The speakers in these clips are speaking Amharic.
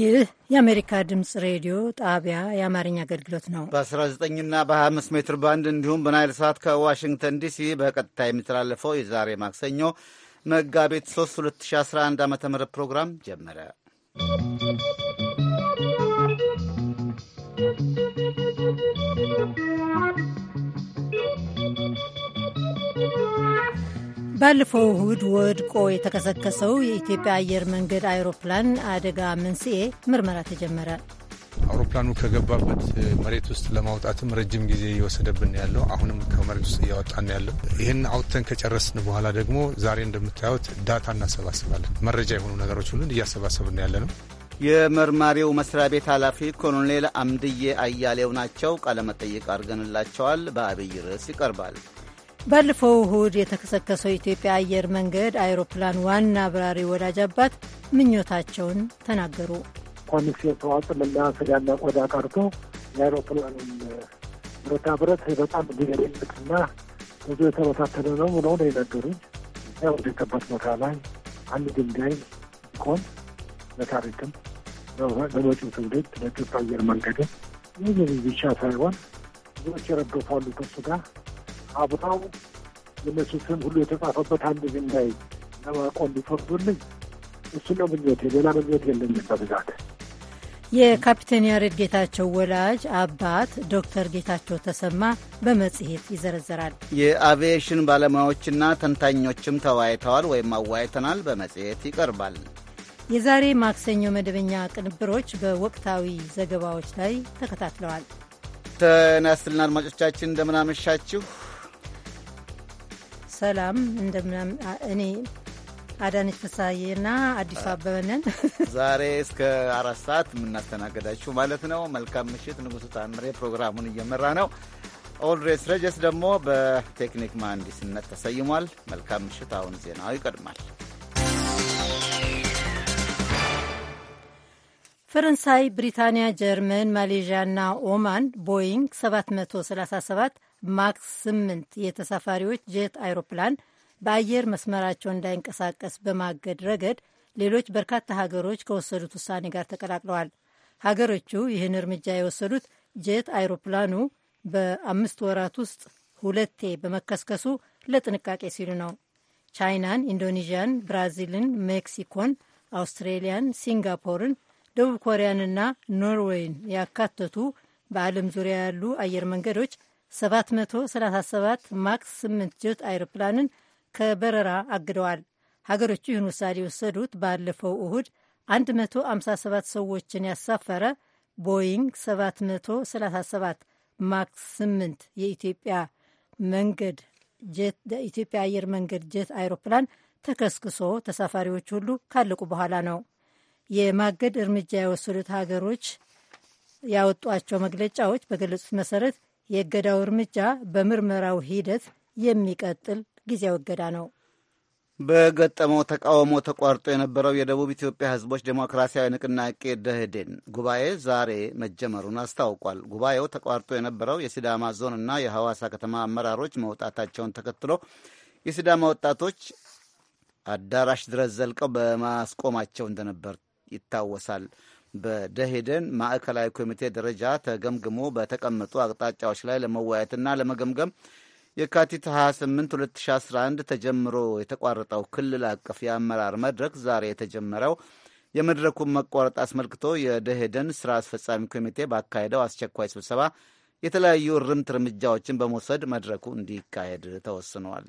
ይህ የአሜሪካ ድምፅ ሬዲዮ ጣቢያ የአማርኛ አገልግሎት ነው። በ19ና በ25 ሜትር ባንድ እንዲሁም በናይል ሰዓት ከዋሽንግተን ዲሲ በቀጥታ የሚተላለፈው የዛሬ ማክሰኞ መጋቢት 3 2011 ዓ ም ፕሮግራም ጀመረ። ባለፈው እሁድ ወድቆ የተከሰከሰው የኢትዮጵያ አየር መንገድ አይሮፕላን አደጋ መንስኤ ምርመራ ተጀመረ። አውሮፕላኑ ከገባበት መሬት ውስጥ ለማውጣትም ረጅም ጊዜ እየወሰደብን ያለው አሁንም ከመሬት ውስጥ እያወጣን ያለው ይህን አውጥተን ከጨረስን በኋላ ደግሞ ዛሬ እንደምታዩት ዳታ እናሰባስባለን። መረጃ የሆኑ ነገሮች ሁሉን እያሰባሰብን ያለ ነው። የመርማሪው መስሪያ ቤት ኃላፊ ኮሎኔል አምድዬ አያሌው ናቸው። ቃለመጠይቅ አድርገንላቸዋል። በአብይ ርዕስ ይቀርባል። ባለፈው እሁድ የተከሰከሰው የኢትዮጵያ አየር መንገድ አይሮፕላን ዋና አብራሪ ወዳጅ አባት ምኞታቸውን ተናገሩ። ኮሚቴ ተዋጽምና ስጋና ቆዳ ቀርቶ የአይሮፕላኑን ብረታ ብረት በጣም ሊገለጥና ብዙ የተበታተነ ነው ብለው ነው የነገሩኝ። ወደተበት ቦታ ላይ አንድ ድንጋይ ሲሆን ለታሪክም ለመጪው ትውልድ ለኢትዮጵያ አየር መንገድም ይህ ብቻ ሳይሆን ብዙዎች የረገፋሉ ከሱ ጋር አብረው የነሱ ስም ሁሉ የተጻፈበት አንድ ድንጋይ ለማቆም እንዲፈቅዱልኝ እሱ ነው ምኞቴ። ሌላ ምኞት የለኝም በብዛት። የካፒቴን ያሬድ ጌታቸው ወላጅ አባት ዶክተር ጌታቸው ተሰማ በመጽሔት ይዘረዘራል። የአቪዬሽን ባለሙያዎችና ተንታኞችም ተወያይተዋል ወይም አወያይተናል፣ በመጽሔት ይቀርባል። የዛሬ ማክሰኞ መደበኛ ቅንብሮች በወቅታዊ ዘገባዎች ላይ ተከታትለዋል። ተናስልና አድማጮቻችን እንደምናመሻችሁ ሰላም እኔ አዳነች ፍሳዬና አዲሱ አበበ ዛሬ እስከ አራት ሰዓት የምናስተናገዳችሁ ማለት ነው። መልካም ምሽት። ንጉሱ ታምሬ ፕሮግራሙን እየመራ ነው። ኦልድሬስ ረጀስ ደግሞ በቴክኒክ መሀንዲስነት ተሰይሟል። መልካም ምሽት። አሁን ዜናው ይቀድማል። ፈረንሳይ፣ ብሪታንያ፣ ጀርመን፣ ማሌዥያና ኦማን ቦይንግ 737 ማክስ ስምንት የተሳፋሪዎች ጄት አይሮፕላን በአየር መስመራቸው እንዳይንቀሳቀስ በማገድ ረገድ ሌሎች በርካታ ሀገሮች ከወሰዱት ውሳኔ ጋር ተቀላቅለዋል። ሀገሮቹ ይህን እርምጃ የወሰዱት ጄት አይሮፕላኑ በአምስት ወራት ውስጥ ሁለቴ በመከስከሱ ለጥንቃቄ ሲሉ ነው። ቻይናን፣ ኢንዶኔዥያን፣ ብራዚልን፣ ሜክሲኮን፣ አውስትሬሊያን፣ ሲንጋፖርን፣ ደቡብ ኮሪያንና ኖርዌይን ያካተቱ በዓለም ዙሪያ ያሉ አየር መንገዶች 737 ማክስ 8 ጀት አይሮፕላንን ከበረራ አግደዋል። ሀገሮቹ ይህን ውሳኔ የወሰዱት ባለፈው እሁድ 157 ሰዎችን ያሳፈረ ቦይንግ 737 ማክስ 8 የኢትዮጵያ መንገድ ጀት አየር መንገድ ጀት አይሮፕላን ተከስክሶ ተሳፋሪዎች ሁሉ ካለቁ በኋላ ነው። የማገድ እርምጃ የወሰዱት ሀገሮች ያወጧቸው መግለጫዎች በገለጹት መሰረት የእገዳው እርምጃ በምርመራው ሂደት የሚቀጥል ጊዜያዊ እገዳ ነው። በገጠመው ተቃውሞ ተቋርጦ የነበረው የደቡብ ኢትዮጵያ ሕዝቦች ዴሞክራሲያዊ ንቅናቄ ደህዴን ጉባኤ ዛሬ መጀመሩን አስታውቋል። ጉባኤው ተቋርጦ የነበረው የሲዳማ ዞን እና የሐዋሳ ከተማ አመራሮች መውጣታቸውን ተከትሎ የሲዳማ ወጣቶች አዳራሽ ድረስ ዘልቀው በማስቆማቸው እንደነበር ይታወሳል። በደሄደን ማዕከላዊ ኮሚቴ ደረጃ ተገምግሞ በተቀመጡ አቅጣጫዎች ላይ ለመወያየትና ለመገምገም የካቲት 28 2011 ተጀምሮ የተቋረጠው ክልል አቀፍ የአመራር መድረክ ዛሬ የተጀመረው የመድረኩን መቋረጥ አስመልክቶ የደሄደን ስራ አስፈጻሚ ኮሚቴ ባካሄደው አስቸኳይ ስብሰባ የተለያዩ እርምት እርምጃዎችን በመውሰድ መድረኩ እንዲካሄድ ተወስነዋል።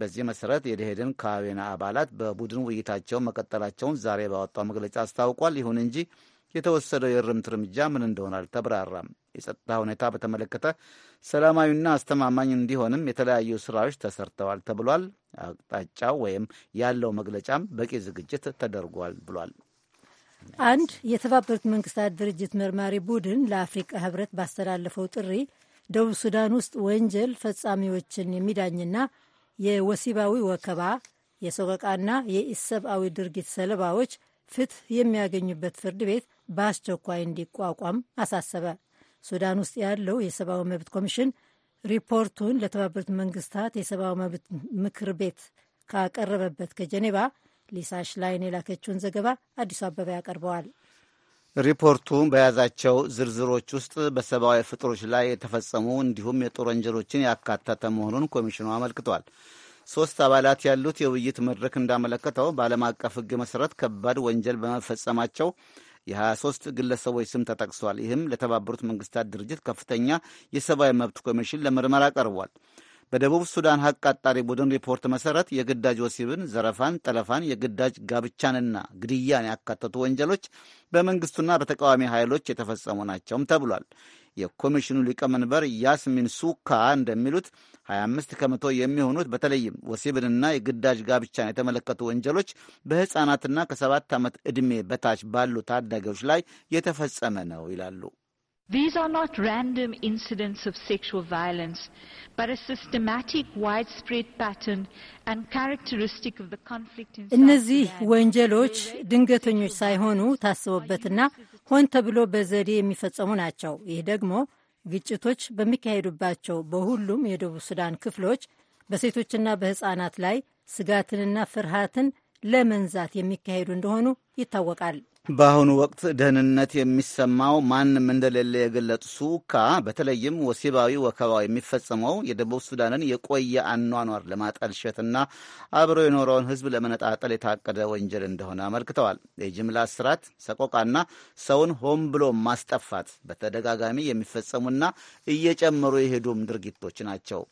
በዚህ መሰረት የደሄደን ካቢኔ አባላት በቡድን ውይይታቸውን መቀጠላቸውን ዛሬ ባወጣው መግለጫ አስታውቋል። ይሁን እንጂ የተወሰደው የእርምት እርምጃ ምን እንደሆነ አልተብራራም። የጸጥታ ሁኔታ በተመለከተ ሰላማዊና አስተማማኝ እንዲሆንም የተለያዩ ስራዎች ተሰርተዋል ተብሏል። አቅጣጫው ወይም ያለው መግለጫም በቂ ዝግጅት ተደርጓል ብሏል። አንድ የተባበሩት መንግስታት ድርጅት መርማሪ ቡድን ለአፍሪቃ ህብረት ባስተላለፈው ጥሪ ደቡብ ሱዳን ውስጥ ወንጀል ፈጻሚዎችን የሚዳኝና የወሲባዊ ወከባ፣ የሰቆቃና የኢሰብአዊ ድርጊት ሰለባዎች ፍትህ የሚያገኙበት ፍርድ ቤት በአስቸኳይ እንዲቋቋም አሳሰበ። ሱዳን ውስጥ ያለው የሰብአዊ መብት ኮሚሽን ሪፖርቱን ለተባበሩት መንግስታት የሰብአዊ መብት ምክር ቤት ካቀረበበት ከጀኔባ ሊሳሽ ላይን የላከችውን ዘገባ አዲሱ አበባ ያቀርበዋል። ሪፖርቱ በያዛቸው ዝርዝሮች ውስጥ በሰብአዊ ፍጥሮች ላይ የተፈጸሙ እንዲሁም የጦር ወንጀሎችን ያካተተ መሆኑን ኮሚሽኑ አመልክቷል። ሶስት አባላት ያሉት የውይይት መድረክ እንዳመለከተው በዓለም አቀፍ ሕግ መሠረት ከባድ ወንጀል በመፈጸማቸው የ23 ግለሰቦች ስም ተጠቅሷል። ይህም ለተባበሩት መንግስታት ድርጅት ከፍተኛ የሰብአዊ መብት ኮሚሽን ለምርመራ ቀርቧል። በደቡብ ሱዳን ሀቅ አጣሪ ቡድን ሪፖርት መሰረት የግዳጅ ወሲብን፣ ዘረፋን፣ ጠለፋን፣ የግዳጅ ጋብቻንና ግድያን ያካተቱ ወንጀሎች በመንግስቱና በተቃዋሚ ኃይሎች የተፈጸሙ ናቸውም ተብሏል። የኮሚሽኑ ሊቀመንበር ያስሚን ሱካ እንደሚሉት 25 ከመቶ የሚሆኑት በተለይም ወሲብንና የግዳጅ ጋብቻን የተመለከቱ ወንጀሎች በሕፃናትና ከሰባት ዓመት ዕድሜ በታች ባሉ ታዳጊዎች ላይ የተፈጸመ ነው ይላሉ። These are not random incidents of sexual violence, but a systematic, widespread pattern and characteristic of the conflict in እነዚህ ወንጀሎች ድንገተኞች ሳይሆኑ ታስቦበትና ሆን ተብሎ በዘዴ የሚፈጸሙ ናቸው። ይህ ደግሞ ግጭቶች በሚካሄዱባቸው በሁሉም የደቡብ ሱዳን ክፍሎች በሴቶችና በሕፃናት ላይ ስጋትንና ፍርሃትን ለመንዛት የሚካሄዱ እንደሆኑ ይታወቃል። በአሁኑ ወቅት ደህንነት የሚሰማው ማንም እንደሌለ የገለጽ ሱካ በተለይም ወሲባዊ ወከባ የሚፈጸመው የደቡብ ሱዳንን የቆየ አኗኗር ለማጠልሸትና አብሮ የኖረውን ሕዝብ ለመነጣጠል የታቀደ ወንጀል እንደሆነ አመልክተዋል። የጅምላ እስራት፣ ሰቆቃና ሰውን ሆን ብሎ ማስጠፋት በተደጋጋሚ የሚፈጸሙና እየጨመሩ የሄዱም ድርጊቶች ናቸው።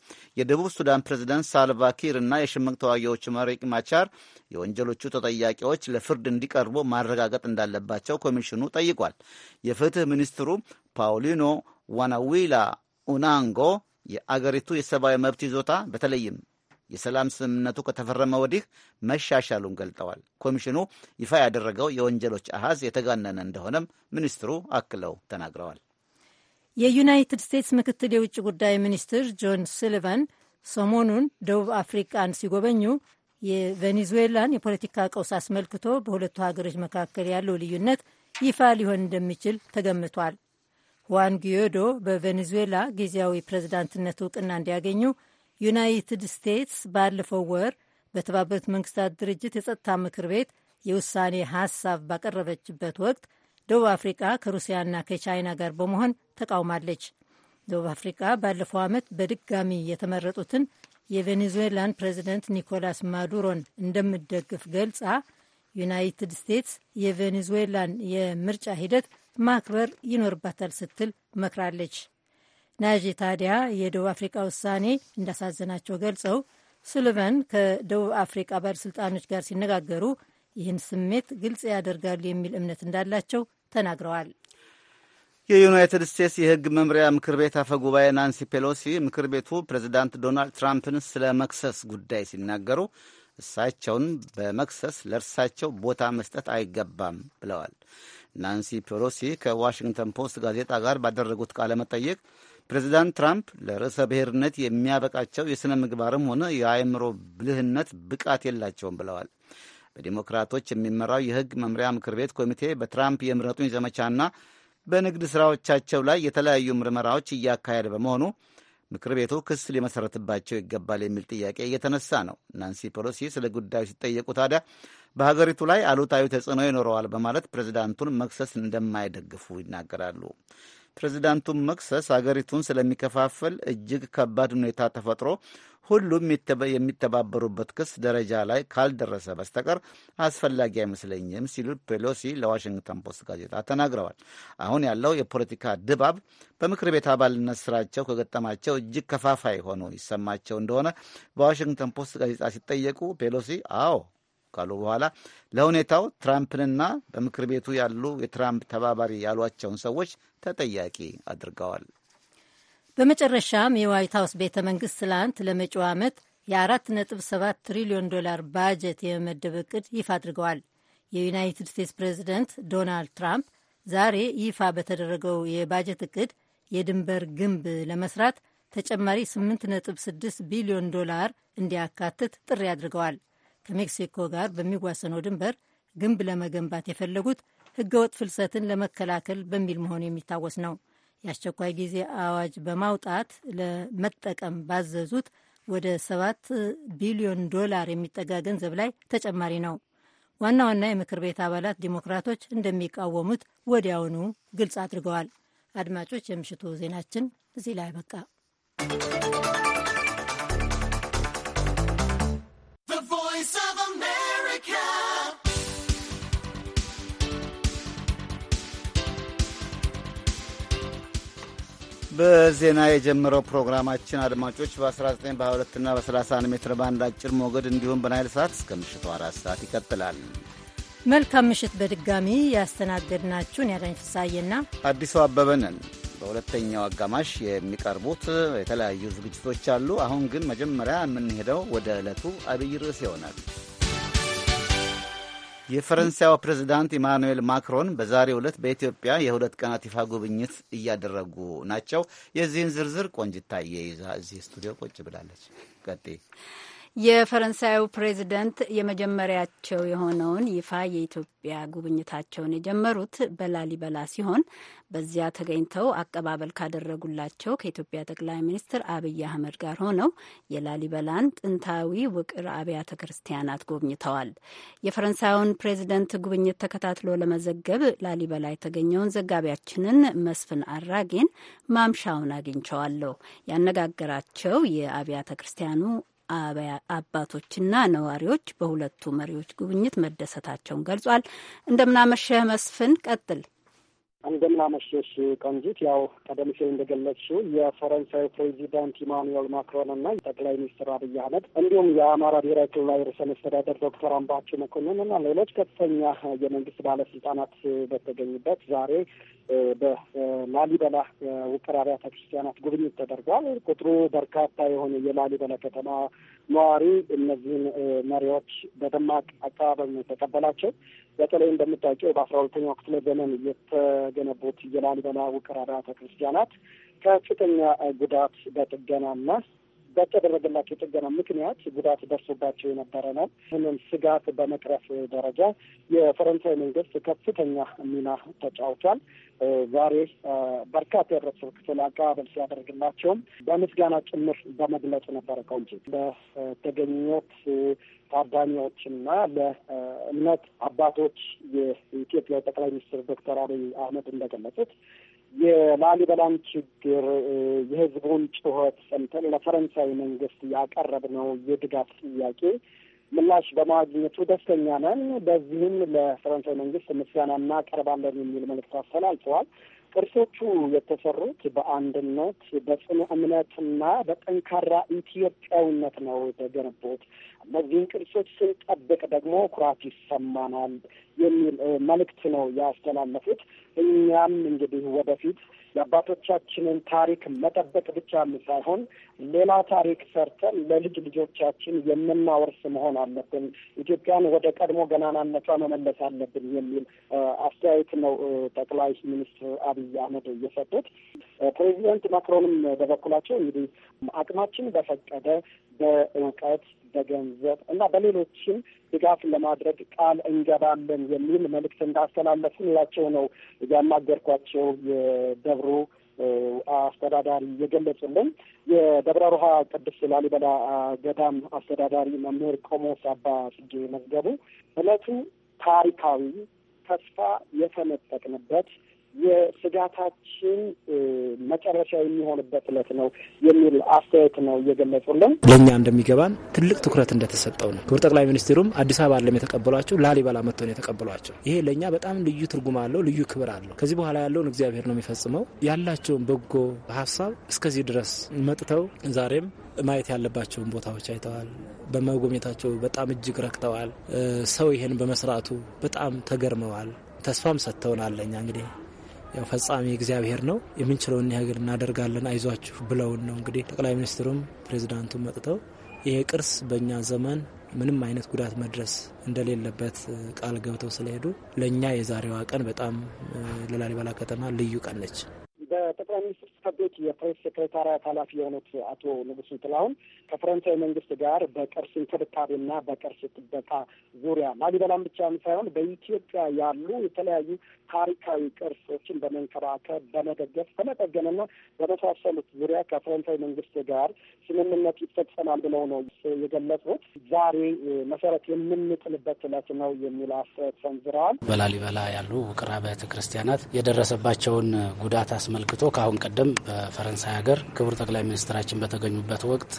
የደቡብ ሱዳን ፕሬዚደንት ሳልቫኪር እና የሽምቅ ተዋጊዎቹ መሪቅ ማቻር የወንጀሎቹ ተጠያቂዎች ለፍርድ እንዲቀርቡ ማረጋገጥ እንዳ እንዳለባቸው ኮሚሽኑ ጠይቋል። የፍትህ ሚኒስትሩ ፓውሊኖ ዋናዊላ ኡናንጎ የአገሪቱ የሰብአዊ መብት ይዞታ በተለይም የሰላም ስምምነቱ ከተፈረመ ወዲህ መሻሻሉን ገልጠዋል። ኮሚሽኑ ይፋ ያደረገው የወንጀሎች አሃዝ የተጋነነ እንደሆነም ሚኒስትሩ አክለው ተናግረዋል። የዩናይትድ ስቴትስ ምክትል የውጭ ጉዳይ ሚኒስትር ጆን ሱሊቫን ሰሞኑን ደቡብ አፍሪቃን ሲጎበኙ የቬኔዙዌላን የፖለቲካ ቀውስ አስመልክቶ በሁለቱ ሀገሮች መካከል ያለው ልዩነት ይፋ ሊሆን እንደሚችል ተገምቷል። ሁዋን ጊዮዶ በቬኔዙዌላ ጊዜያዊ ፕሬዝዳንትነት እውቅና እንዲያገኙ ዩናይትድ ስቴትስ ባለፈው ወር በተባበሩት መንግስታት ድርጅት የጸጥታ ምክር ቤት የውሳኔ ሀሳብ ባቀረበችበት ወቅት ደቡብ አፍሪቃ ከሩሲያና ከቻይና ጋር በመሆን ተቃውማለች። ደቡብ አፍሪቃ ባለፈው ዓመት በድጋሚ የተመረጡትን የቬኔዙዌላን ፕሬዚደንት ኒኮላስ ማዱሮን እንደምደግፍ ገልጻ ዩናይትድ ስቴትስ የቬኔዙዌላን የምርጫ ሂደት ማክበር ይኖርባታል ስትል መክራለች። ናጂ ታዲያ የደቡብ አፍሪቃ ውሳኔ እንዳሳዘናቸው ገልጸው ሱሊቫን ከደቡብ አፍሪቃ ባለሥልጣኖች ጋር ሲነጋገሩ ይህን ስሜት ግልጽ ያደርጋሉ የሚል እምነት እንዳላቸው ተናግረዋል። የዩናይትድ ስቴትስ የሕግ መምሪያ ምክር ቤት አፈ ጉባኤ ናንሲ ፔሎሲ ምክር ቤቱ ፕሬዚዳንት ዶናልድ ትራምፕን ስለ መክሰስ ጉዳይ ሲናገሩ እሳቸውን በመክሰስ ለእርሳቸው ቦታ መስጠት አይገባም ብለዋል። ናንሲ ፔሎሲ ከዋሽንግተን ፖስት ጋዜጣ ጋር ባደረጉት ቃለ መጠየቅ ፕሬዚዳንት ትራምፕ ለርዕሰ ብሔርነት የሚያበቃቸው የሥነ ምግባርም ሆነ የአእምሮ ብልህነት ብቃት የላቸውም ብለዋል። በዲሞክራቶች የሚመራው የሕግ መምሪያ ምክር ቤት ኮሚቴ በትራምፕ የምረጡኝ ዘመቻና በንግድ ሥራዎቻቸው ላይ የተለያዩ ምርመራዎች እያካሄደ በመሆኑ ምክር ቤቱ ክስ ሊመሠረትባቸው ይገባል የሚል ጥያቄ እየተነሳ ነው። ናንሲ ፔሎሲ ስለ ጉዳዩ ሲጠየቁ ታዲያ በሀገሪቱ ላይ አሉታዊ ተጽዕኖ ይኖረዋል በማለት ፕሬዚዳንቱን መክሰስ እንደማይደግፉ ይናገራሉ። ፕሬዚዳንቱን መክሰስ አገሪቱን ስለሚከፋፍል እጅግ ከባድ ሁኔታ ተፈጥሮ ሁሉም የሚተባበሩበት ክስ ደረጃ ላይ ካልደረሰ በስተቀር አስፈላጊ አይመስለኝም ሲሉ ፔሎሲ ለዋሽንግተን ፖስት ጋዜጣ ተናግረዋል። አሁን ያለው የፖለቲካ ድባብ በምክር ቤት አባልነት ስራቸው ከገጠማቸው እጅግ ከፋፋይ ሆኖ ይሰማቸው እንደሆነ በዋሽንግተን ፖስት ጋዜጣ ሲጠየቁ ፔሎሲ አዎ ካሉ በኋላ ለሁኔታው ትራምፕንና በምክር ቤቱ ያሉ የትራምፕ ተባባሪ ያሏቸውን ሰዎች ተጠያቂ አድርገዋል። በመጨረሻም የዋይት ሀውስ ቤተ መንግስት ትላንት ለመጪው ዓመት የ4.7 ትሪሊዮን ዶላር ባጀት የመመደብ እቅድ ይፋ አድርገዋል። የዩናይትድ ስቴትስ ፕሬዚደንት ዶናልድ ትራምፕ ዛሬ ይፋ በተደረገው የባጀት እቅድ የድንበር ግንብ ለመስራት ተጨማሪ 8.6 ቢሊዮን ዶላር እንዲያካትት ጥሪ አድርገዋል። ከሜክሲኮ ጋር በሚዋሰነው ድንበር ግንብ ለመገንባት የፈለጉት ህገወጥ ፍልሰትን ለመከላከል በሚል መሆኑ የሚታወስ ነው። የአስቸኳይ ጊዜ አዋጅ በማውጣት ለመጠቀም ባዘዙት ወደ ሰባት ቢሊዮን ዶላር የሚጠጋ ገንዘብ ላይ ተጨማሪ ነው። ዋና ዋና የምክር ቤት አባላት ዲሞክራቶች እንደሚቃወሙት ወዲያውኑ ግልጽ አድርገዋል። አድማጮች፣ የምሽቱ ዜናችን እዚህ ላይ አበቃ። በዜና የጀመረው ፕሮግራማችን አድማጮች በ19 በ22 እና በ31 ሜትር ባንድ አጭር ሞገድ እንዲሁም በናይል ሰዓት እስከ ምሽቱ አራት ሰዓት ይቀጥላል። መልካም ምሽት። በድጋሚ ያስተናገድናችሁን ያዳኝ ፍሳዬና አዲሱ አበበ ነን። በሁለተኛው አጋማሽ የሚቀርቡት የተለያዩ ዝግጅቶች አሉ። አሁን ግን መጀመሪያ የምንሄደው ወደ ዕለቱ አብይ ርዕስ ይሆናል። የፈረንሳዩ ፕሬዚዳንት ኢማኑኤል ማክሮን በዛሬው ዕለት በኢትዮጵያ የሁለት ቀናት ይፋ ጉብኝት እያደረጉ ናቸው። የዚህን ዝርዝር ቆንጅታ ይዛ እዚህ ስቱዲዮ ቁጭ ብላለች። ቀጤ የፈረንሳዩ ፕሬዚደንት የመጀመሪያቸው የሆነውን ይፋ የኢትዮጵያ ጉብኝታቸውን የጀመሩት በላሊበላ ሲሆን በዚያ ተገኝተው አቀባበል ካደረጉላቸው ከኢትዮጵያ ጠቅላይ ሚኒስትር አብይ አህመድ ጋር ሆነው የላሊበላን ጥንታዊ ውቅር አብያተ ክርስቲያናት ጎብኝተዋል። የፈረንሳዩን ፕሬዚደንት ጉብኝት ተከታትሎ ለመዘገብ ላሊበላ የተገኘውን ዘጋቢያችንን መስፍን አራጌን ማምሻውን አግኝቸዋለሁ። ያነጋገራቸው የአብያተ ክርስቲያኑ አባቶችና ነዋሪዎች በሁለቱ መሪዎች ጉብኝት መደሰታቸውን ገልጿል። እንደምናመሸህ መስፍን ቀጥል። እንደምን አመሸሽ ቆንጂት። ያው ቀደም ሲል እንደገለጽሽው የፈረንሳይ ፕሬዚዳንት ኢማኑኤል ማክሮን እና ጠቅላይ ሚኒስትር አብይ አህመድ እንዲሁም የአማራ ብሔራዊ ክልላዊ ርዕሰ መስተዳደር ዶክተር አምባቸው መኮንን እና ሌሎች ከፍተኛ የመንግስት ባለስልጣናት በተገኙበት ዛሬ በላሊበላ ውቅር አብያተ ክርስቲያናት ጉብኝት ተደርጓል። ቁጥሩ በርካታ የሆነ የላሊበላ ከተማ ነዋሪ እነዚህን መሪዎች በደማቅ አቀባበል ነው የተቀበላቸው። በተለይ እንደምታውቂው በአስራ ሁለተኛው ክፍለ ዘመን የተገነቡት የላሊበላ ውቅር አብያተ ክርስቲያናት ከፍተኛ ጉዳት በጥገናና በተደረገላቸው ጥገና ምክንያት ጉዳት ደርሶባቸው የነበረ ነው። ይህንን ስጋት በመቅረፍ ደረጃ የፈረንሳይ መንግስት ከፍተኛ ሚና ተጫውቷል። ዛሬ በርካታ የህብረተሰብ ክፍል አቀባበል ሲያደርግላቸውም በምስጋና ጭምር በመግለጽ ነበረ ቀውንጭ ለተገኙት ታዳሚዎችና ለእምነት አባቶች የኢትዮጵያ ጠቅላይ ሚኒስትር ዶክተር አብይ አህመድ እንደገለጹት የላሊበላን ችግር የህዝቡን ጩኸት ሰምተን ለፈረንሳይ መንግስት ያቀረብነው የድጋፍ ጥያቄ ምላሽ በማግኘቱ ደስተኛ ነን። በዚህም ለፈረንሳይ መንግስት ምስጋና እናቀርባለን የሚል መልዕክት አስተላልፈዋል። ቅርሶቹ የተሰሩት በአንድነት በጽኑ እምነትና በጠንካራ ኢትዮጵያዊነት ነው የተገነቡት። እነዚህን ቅርሶች ስንጠብቅ ደግሞ ኩራት ይሰማናል የሚል መልእክት ነው ያስተላለፉት። እኛም እንግዲህ ወደፊት የአባቶቻችንን ታሪክ መጠበቅ ብቻም ሳይሆን ሌላ ታሪክ ሰርተን ለልጅ ልጆቻችን የምናወርስ መሆን አለብን፣ ኢትዮጵያን ወደ ቀድሞ ገናናነቷ መመለስ አለብን የሚል አስተያየት ነው ጠቅላይ ሚኒስትር አብይ አህመድ የሰጡት። ፕሬዚደንት ማክሮንም በበኩላቸው እንግዲህ አቅማችን በፈቀደ በእውቀት በገንዘብ እና በሌሎችም ድጋፍ ለማድረግ ቃል እንገባለን የሚል መልእክት እንዳስተላለፉላቸው ነው ያናገርኳቸው የደብሩ አስተዳዳሪ የገለጹልን። የደብረ ሮሃ ቅዱስ ላሊበላ ገዳም አስተዳዳሪ መምህር ቆሞስ አባ ጽጌ መዝገቡ እለቱ ታሪካዊ ተስፋ የፈነጠቅንበት የስጋታችን መጨረሻ የሚሆንበት እለት ነው የሚል አስተያየት ነው እየገለጹልን። ለእኛ እንደሚገባን ትልቅ ትኩረት እንደተሰጠው ነው። ክቡር ጠቅላይ ሚኒስትሩም አዲስ አበባ አለም የተቀበሏቸው ላሊበላ መጥተው ነው የተቀበሏቸው። ይሄ ለእኛ በጣም ልዩ ትርጉም አለው፣ ልዩ ክብር አለው። ከዚህ በኋላ ያለውን እግዚአብሔር ነው የሚፈጽመው። ያላቸውን በጎ ሀሳብ እስከዚህ ድረስ መጥተው ዛሬም ማየት ያለባቸውን ቦታዎች አይተዋል። በመጎብኘታቸው በጣም እጅግ ረክተዋል። ሰው ይሄን በመስራቱ በጣም ተገርመዋል። ተስፋም ሰጥተውናል። እኛ እንግዲህ ያው ፈጻሚ እግዚአብሔር ነው። የምንችለውን ያህል እናደርጋለን፣ አይዟችሁ ብለውን ነው እንግዲህ ጠቅላይ ሚኒስትሩም ፕሬዚዳንቱም መጥተው ይሄ ቅርስ በእኛ ዘመን ምንም አይነት ጉዳት መድረስ እንደሌለበት ቃል ገብተው ስለሄዱ ለእኛ የዛሬዋ ቀን በጣም ለላሊበላ ከተማ ልዩ ቀን ነች። በጠቅላይ ሚኒስትር ጽህፈት ቤት የፕሬስ ሴክሬታሪያት ኃላፊ የሆኑት አቶ ንጉሱ ጥላሁን ከፈረንሳይ መንግስት ጋር በቅርስ እንክብካቤና በቅርስ ጥበቃ ዙሪያ ላሊበላም ብቻም ሳይሆን በኢትዮጵያ ያሉ የተለያዩ ታሪካዊ ቅርሶችን በመንከባከብ በመደገፍ፣ በመጠገንና በመሳሰሉት ዙሪያ ከፈረንሳይ መንግስት ጋር ስምምነት ይፈጸማል ብለው ነው የገለጹት። ዛሬ መሰረት የምንጥልበት ለት ነው የሚል አስተያየት ሰንዝረዋል። በላሊበላ ያሉ ውቅር አብያተ ክርስቲያናት የደረሰባቸውን ጉዳት አስመልክቶ ከአሁን ቀደም በፈረንሳይ ሀገር ክቡር ጠቅላይ ሚኒስትራችን በተገኙበት ወቅት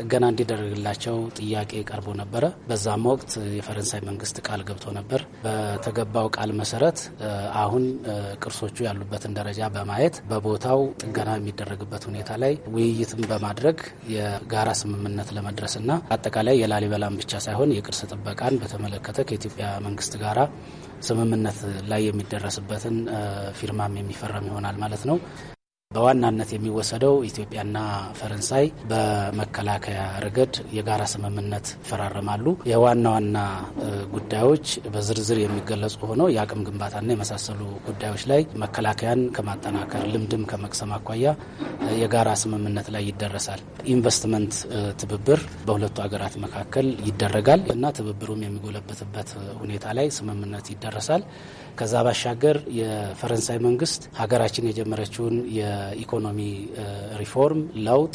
ጥገና እንዲደረግላቸው ጥያቄ ቀርቦ ነበረ። በዛም ወቅት የፈረንሳይ መንግስት ቃል ገብቶ ነበር። በተገባው ቃል መሰረት አሁን ቅርሶቹ ያሉበትን ደረጃ በማየት በቦታው ጥገና የሚደረግበት ሁኔታ ላይ ውይይትን በማድረግ የጋራ ስምምነት ለመድረስ ና አጠቃላይ የላሊበላን ብቻ ሳይሆን የቅርስ ጥበቃን በተመለከተ ከኢትዮጵያ መንግስት ጋራ ስምምነት ላይ የሚደረስበትን ፊርማም የሚፈረም ይሆናል ማለት ነው። በዋናነት የሚወሰደው ኢትዮጵያና ፈረንሳይ በመከላከያ ረገድ የጋራ ስምምነት ይፈራረማሉ። የዋና ዋና ጉዳዮች በዝርዝር የሚገለጹ ሆነው የአቅም ግንባታና የመሳሰሉ ጉዳዮች ላይ መከላከያን ከማጠናከር ልምድም ከመቅሰም አኳያ የጋራ ስምምነት ላይ ይደረሳል። ኢንቨስትመንት ትብብር በሁለቱ ሀገራት መካከል ይደረጋል እና ትብብሩም የሚጎለበትበት ሁኔታ ላይ ስምምነት ይደረሳል። ከዛ ባሻገር የፈረንሳይ መንግስት ሀገራችን የጀመረችውን የኢኮኖሚ ሪፎርም ለውጥ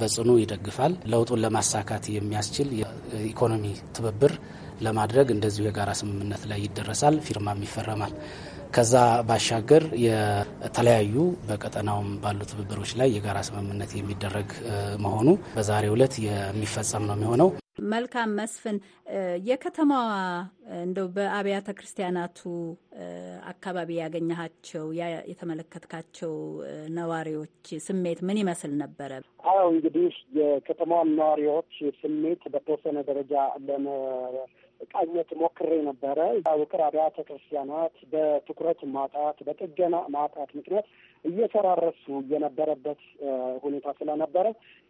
በጽኑ ይደግፋል። ለውጡን ለማሳካት የሚያስችል የኢኮኖሚ ትብብር ለማድረግ እንደዚሁ የጋራ ስምምነት ላይ ይደረሳል፣ ፊርማም ይፈረማል። ከዛ ባሻገር የተለያዩ በቀጠናውም ባሉ ትብብሮች ላይ የጋራ ስምምነት የሚደረግ መሆኑ በዛሬው ዕለት የሚፈጸም ነው የሚሆነው። መልካም መስፍን፣ የከተማዋ እንደው በአብያተ ክርስቲያናቱ አካባቢ ያገኘሃቸው የተመለከትካቸው ነዋሪዎች ስሜት ምን ይመስል ነበረ? አዎ እንግዲህ የከተማዋን ነዋሪዎች ስሜት በተወሰነ ደረጃ ቃኘት ሞክሬ ነበረ። ውቅር አብያተ ክርስቲያናት በትኩረት ማጣት፣ በጥገና ማጣት ምክንያት እየተራረሱ የነበረበት ሁኔታ ስለነበረ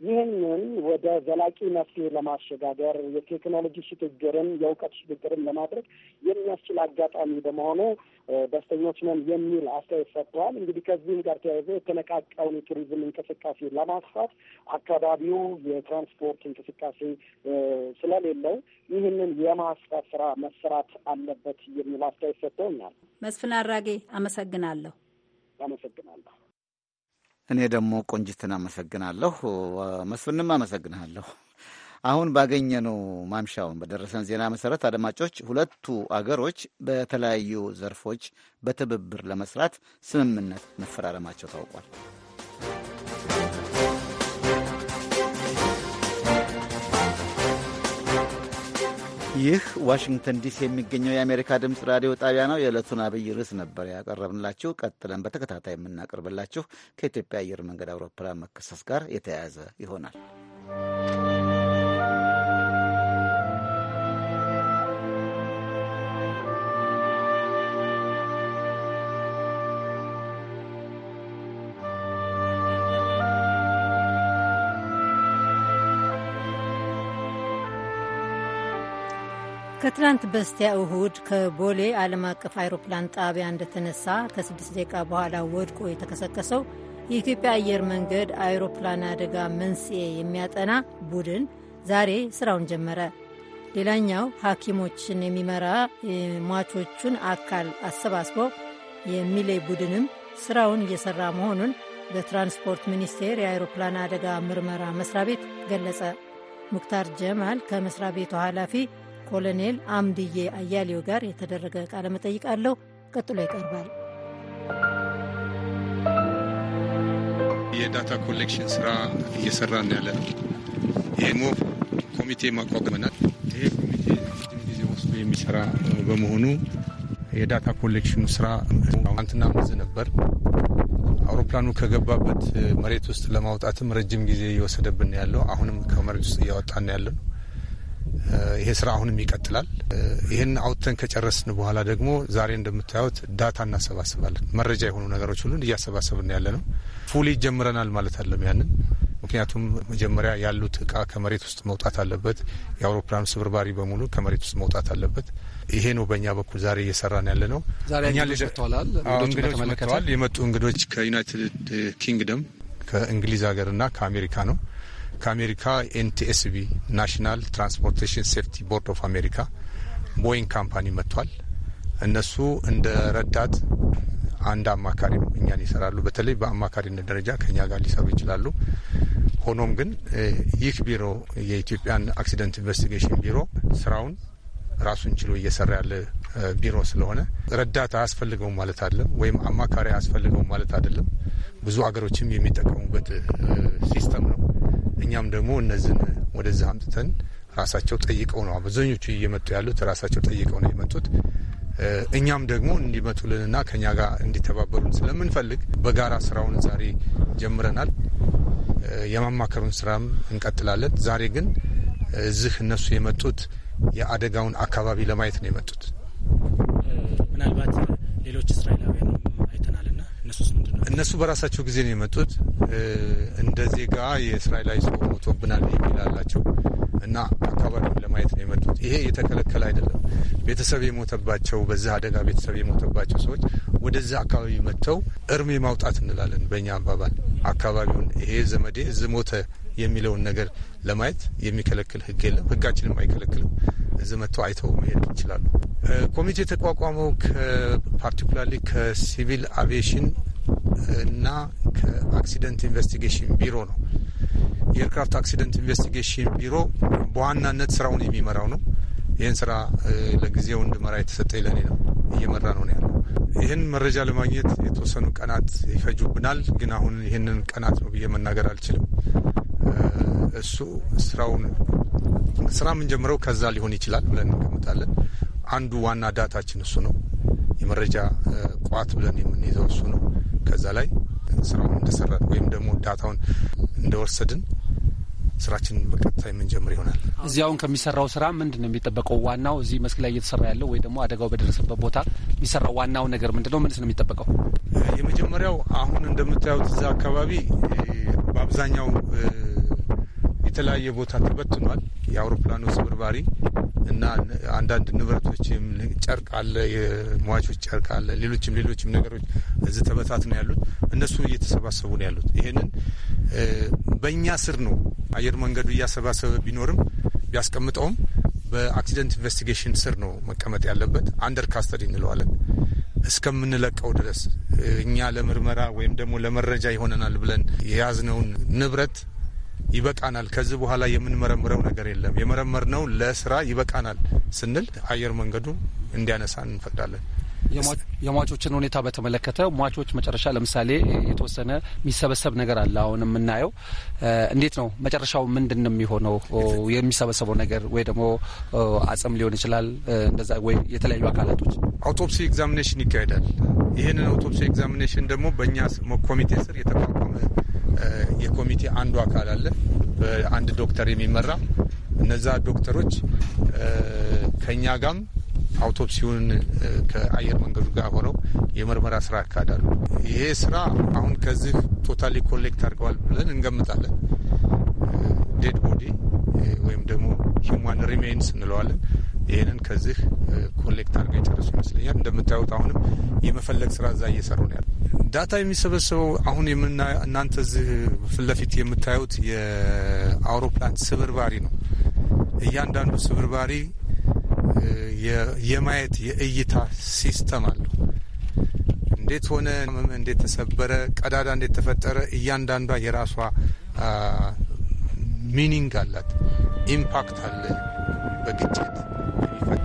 ይህንን ወደ ዘላቂ መፍትሄ ለማሸጋገር የቴክኖሎጂ ሽግግርን የእውቀት ሽግግርን ለማድረግ የሚያስችል አጋጣሚ በመሆኑ ደስተኞች ነን የሚል አስተያየት ሰጥተዋል። እንግዲህ ከዚህም ጋር ተያይዞ የተነቃቀውን የቱሪዝም እንቅስቃሴ ለማስፋት አካባቢው የትራንስፖርት እንቅስቃሴ ስለሌለው ይህንን የማስፋት ስራ መሰራት አለበት የሚል አስተያየት ሰጥተውኛል። መስፍን አራጌ አመሰግናለሁ። አመሰግናለሁ። እኔ ደግሞ ቆንጅትን አመሰግናለሁ። መስፍንም አመሰግናለሁ አሁን ባገኘነው ማምሻውን በደረሰን ዜና መሰረት አድማጮች፣ ሁለቱ አገሮች በተለያዩ ዘርፎች በትብብር ለመስራት ስምምነት መፈራረማቸው ታውቋል። ይህ ዋሽንግተን ዲሲ የሚገኘው የአሜሪካ ድምፅ ራዲዮ ጣቢያ ነው። የዕለቱን አብይ ርዕስ ነበር ያቀረብንላችሁ። ቀጥለን በተከታታይ የምናቀርብላችሁ ከኢትዮጵያ አየር መንገድ አውሮፕላን መከሰስ ጋር የተያያዘ ይሆናል። ከትላንት በስቲያ እሁድ ከቦሌ ዓለም አቀፍ አይሮፕላን ጣቢያ እንደተነሳ ከስድስት ደቂቃ በኋላ ወድቆ የተከሰከሰው የኢትዮጵያ አየር መንገድ አይሮፕላን አደጋ መንስኤ የሚያጠና ቡድን ዛሬ ስራውን ጀመረ። ሌላኛው ሐኪሞችን የሚመራ የሟቾቹን አካል አሰባስቦ የሚለይ ቡድንም ስራውን እየሰራ መሆኑን በትራንስፖርት ሚኒስቴር የአይሮፕላን አደጋ ምርመራ መስሪያ ቤት ገለጸ። ሙክታር ጀማል ከመስሪያ ቤቱ ኃላፊ ኮሎኔል አምድዬ አያሌው ጋር የተደረገ ቃለ መጠይቅ አለው። ቀጥሎ ይቀርባል። የዳታ ኮሌክሽን ስራ እየሰራ ነው ያለ ነው። ይህሞ ኮሚቴ ማቋቋመናል። ይሄ ኮሚቴ ጊዜ ወስዶ የሚሰራ በመሆኑ የዳታ ኮሌክሽኑ ስራ ትናንትና ምዝ ነበር። አውሮፕላኑ ከገባበት መሬት ውስጥ ለማውጣትም ረጅም ጊዜ እየወሰደብን ያለው አሁንም ከመሬት ውስጥ እያወጣን ያለ ነው ይሄ ስራ አሁንም ይቀጥላል። ይህን አውጥተን ከጨረስን በኋላ ደግሞ ዛሬ እንደምታዩት ዳታ እናሰባስባለን። መረጃ የሆኑ ነገሮች ሁሉን እያሰባሰብን ያለ ነው። ፉሊ ጀምረናል ማለት አለም ያንን ምክንያቱም መጀመሪያ ያሉት እቃ ከመሬት ውስጥ መውጣት አለበት። የአውሮፕላን ስብርባሪ በሙሉ ከመሬት ውስጥ መውጣት አለበት። ይሄ ነው በእኛ በኩል ዛሬ እየሰራን ያለ ነው። እንግዶች መጥተዋል። የመጡ እንግዶች ከዩናይትድ ኪንግደም ከእንግሊዝ ሀገርና ከአሜሪካ ነው። ከአሜሪካ ኤንቲኤስቢ ናሽናል ትራንስፖርቴሽን ሴፍቲ ቦርድ ኦፍ አሜሪካ ቦይንግ ካምፓኒ መጥቷል። እነሱ እንደ ረዳት አንድ አማካሪ እኛን ይሰራሉ። በተለይ በአማካሪነት ደረጃ ከኛ ጋር ሊሰሩ ይችላሉ። ሆኖም ግን ይህ ቢሮ የኢትዮጵያን አክሲደንት ኢንቨስቲጌሽን ቢሮ ስራውን ራሱን ችሎ እየሰራ ያለ ቢሮ ስለሆነ ረዳት አያስፈልገውም ማለት አይደለም፣ ወይም አማካሪ አያስፈልገውም ማለት አይደለም። ብዙ ሀገሮችም የሚጠቀሙበት ሲስተም ነው። እኛም ደግሞ እነዚህን ወደዚህ አምጥተን ራሳቸው ጠይቀው ነው አብዛኞቹ እየመጡ ያሉት ራሳቸው ጠይቀው ነው የመጡት። እኛም ደግሞ እንዲመጡልንና ከኛ ጋር እንዲተባበሩን ስለምንፈልግ በጋራ ስራውን ዛሬ ጀምረናል። የማማከሩን ስራም እንቀጥላለን። ዛሬ ግን እዚህ እነሱ የመጡት የአደጋውን አካባቢ ለማየት ነው የመጡት። ምናልባት ሌሎች እስራኤላውያን የነሱስ ምንድን ነው? እነሱ በራሳቸው ጊዜ ነው የመጡት። እንደ ዜጋ የእስራኤላዊ ሰው ሞቶብናል የሚል አላቸው እና አካባቢውን ለማየት ነው የመጡት። ይሄ የተከለከለ አይደለም። ቤተሰብ የሞተባቸው በዚህ አደጋ ቤተሰብ የሞተባቸው ሰዎች ወደዚህ አካባቢ መጥተው እርሜ ማውጣት እንላለን በእኛ አባባል። አካባቢውን ይሄ ዘመዴ እዚህ ሞተ የሚለውን ነገር ለማየት የሚከለክል ህግ የለም። ህጋችንም አይከለክልም። እዚ መጥተው አይተው መሄድ ይችላሉ። ኮሚቴ የተቋቋመው ከፓርቲኩላርሊ ከሲቪል አቪዬሽን እና ከአክሲደንት ኢንቨስቲጌሽን ቢሮ ነው። የኤርክራፍት አክሲደንት ኢንቨስቲጌሽን ቢሮ በዋናነት ስራውን የሚመራው ነው። ይህን ስራ ለጊዜው እንድመራ የተሰጠ ለኔ ነው። እየመራ ነው ያለው። ይህን መረጃ ለማግኘት የተወሰኑ ቀናት ይፈጁብናል፣ ግን አሁን ይህንን ቀናት ነው ብዬ መናገር አልችልም። እሱ ስራውን ስራ የምንጀምረው ከዛ ሊሆን ይችላል ብለን እንገምታለን። አንዱ ዋና ዳታችን እሱ ነው። የመረጃ ቋት ብለን የምንይዘው እሱ ነው። ከዛ ላይ ስራውን እንደሰራን ወይም ደግሞ ዳታውን እንደወሰድን ስራችን በቀጥታ የምንጀምር ይሆናል። እዚህ አሁን ከሚሰራው ስራ ምንድን ነው የሚጠበቀው? ዋናው እዚህ መስክ ላይ እየተሰራ ያለው ወይ ደግሞ አደጋው በደረሰበት ቦታ የሚሰራው ዋናው ነገር ምንድን ነው? ምንስ ነው የሚጠበቀው? የመጀመሪያው አሁን እንደምታዩት እዛ አካባቢ በአብዛኛው የተለያየ ቦታ ተበትኗል። የአውሮፕላኑ ስብርባሪ እና አንዳንድ ንብረቶችም ጨርቅ አለ፣ የሟቾች ጨርቅ አለ፣ ሌሎችም ሌሎችም ነገሮች እዚህ ተበታት ነው ያሉት። እነሱ እየተሰባሰቡ ነው ያሉት። ይሄንን በእኛ ስር ነው አየር መንገዱ እያሰባሰበ ቢኖርም ቢያስቀምጠውም በአክሲደንት ኢንቨስቲጌሽን ስር ነው መቀመጥ ያለበት። አንደር ካስተዲ እንለዋለን እስከምንለቀው ድረስ እኛ ለምርመራ ወይም ደግሞ ለመረጃ ይሆነናል ብለን የያዝነውን ንብረት ይበቃናል፣ ከዚህ በኋላ የምንመረምረው ነገር የለም፣ የመረመርነው ለስራ ይበቃናል ስንል አየር መንገዱ እንዲያነሳ እንፈቅዳለን። የሟቾችን ሁኔታ በተመለከተ ሟቾች መጨረሻ ለምሳሌ የተወሰነ የሚሰበሰብ ነገር አለ። አሁን የምናየው እንዴት ነው መጨረሻው ምንድን ነው የሚሆነው? የሚሰበሰበው ነገር ወይ ደግሞ አጽም ሊሆን ይችላል እንደዛ፣ ወይ የተለያዩ አካላቶች አውቶፕሲ ኤግዛሚኔሽን ይካሄዳል። ይህንን አውቶፕሲ ኤግዛሚኔሽን ደግሞ በእኛ ኮሚቴ ስር የተቋቋመ የኮሚቴ አንዱ አካል አለ፣ በአንድ ዶክተር የሚመራ እነዛ ዶክተሮች ከእኛ ጋም አውቶፕሲውን ከአየር መንገዱ ጋር ሆነው የምርመራ ስራ ያካሂዳሉ። ይሄ ስራ አሁን ከዚህ ቶታሊ ኮሌክት አድርገዋል ብለን እንገምታለን። ዴድ ቦዲ ወይም ደግሞ ሂማን ሪሜንስ እንለዋለን። ይህንን ከዚህ ኮሌክት አድርገው የጨረሱ ይመስለኛል። እንደምታዩት አሁንም የመፈለግ ስራ እዛ እየሰሩ ነው። ዳታ የሚሰበሰበው አሁን የምና እናንተ እዚህ ፊት ለፊት የምታዩት የአውሮፕላን ስብርባሪ ነው። እያንዳንዱ ስብርባሪ የማየት የእይታ ሲስተም አለው። እንዴት ሆነ፣ እንዴት ተሰበረ፣ ቀዳዳ እንዴት ተፈጠረ፣ እያንዳንዷ የራሷ ሚኒንግ አላት፣ ኢምፓክት አለ። በግጭት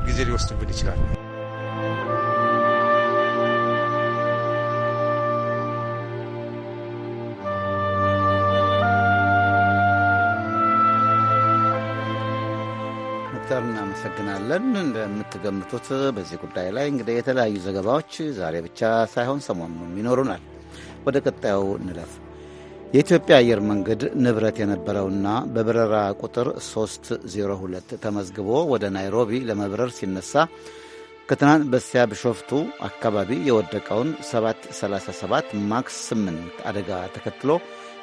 ጊዜ ሊወስድብን ይችላል። እናመሰግናለን። እንደምትገምቱት በዚህ ጉዳይ ላይ እንግዲህ የተለያዩ ዘገባዎች ዛሬ ብቻ ሳይሆን ሰሞኑም ይኖሩናል። ወደ ቀጣዩ እንለፍ። የኢትዮጵያ አየር መንገድ ንብረት የነበረውና በበረራ ቁጥር 302 ተመዝግቦ ወደ ናይሮቢ ለመብረር ሲነሳ ከትናንት በስቲያ ቢሾፍቱ አካባቢ የወደቀውን 737 ማክስ 8 አደጋ ተከትሎ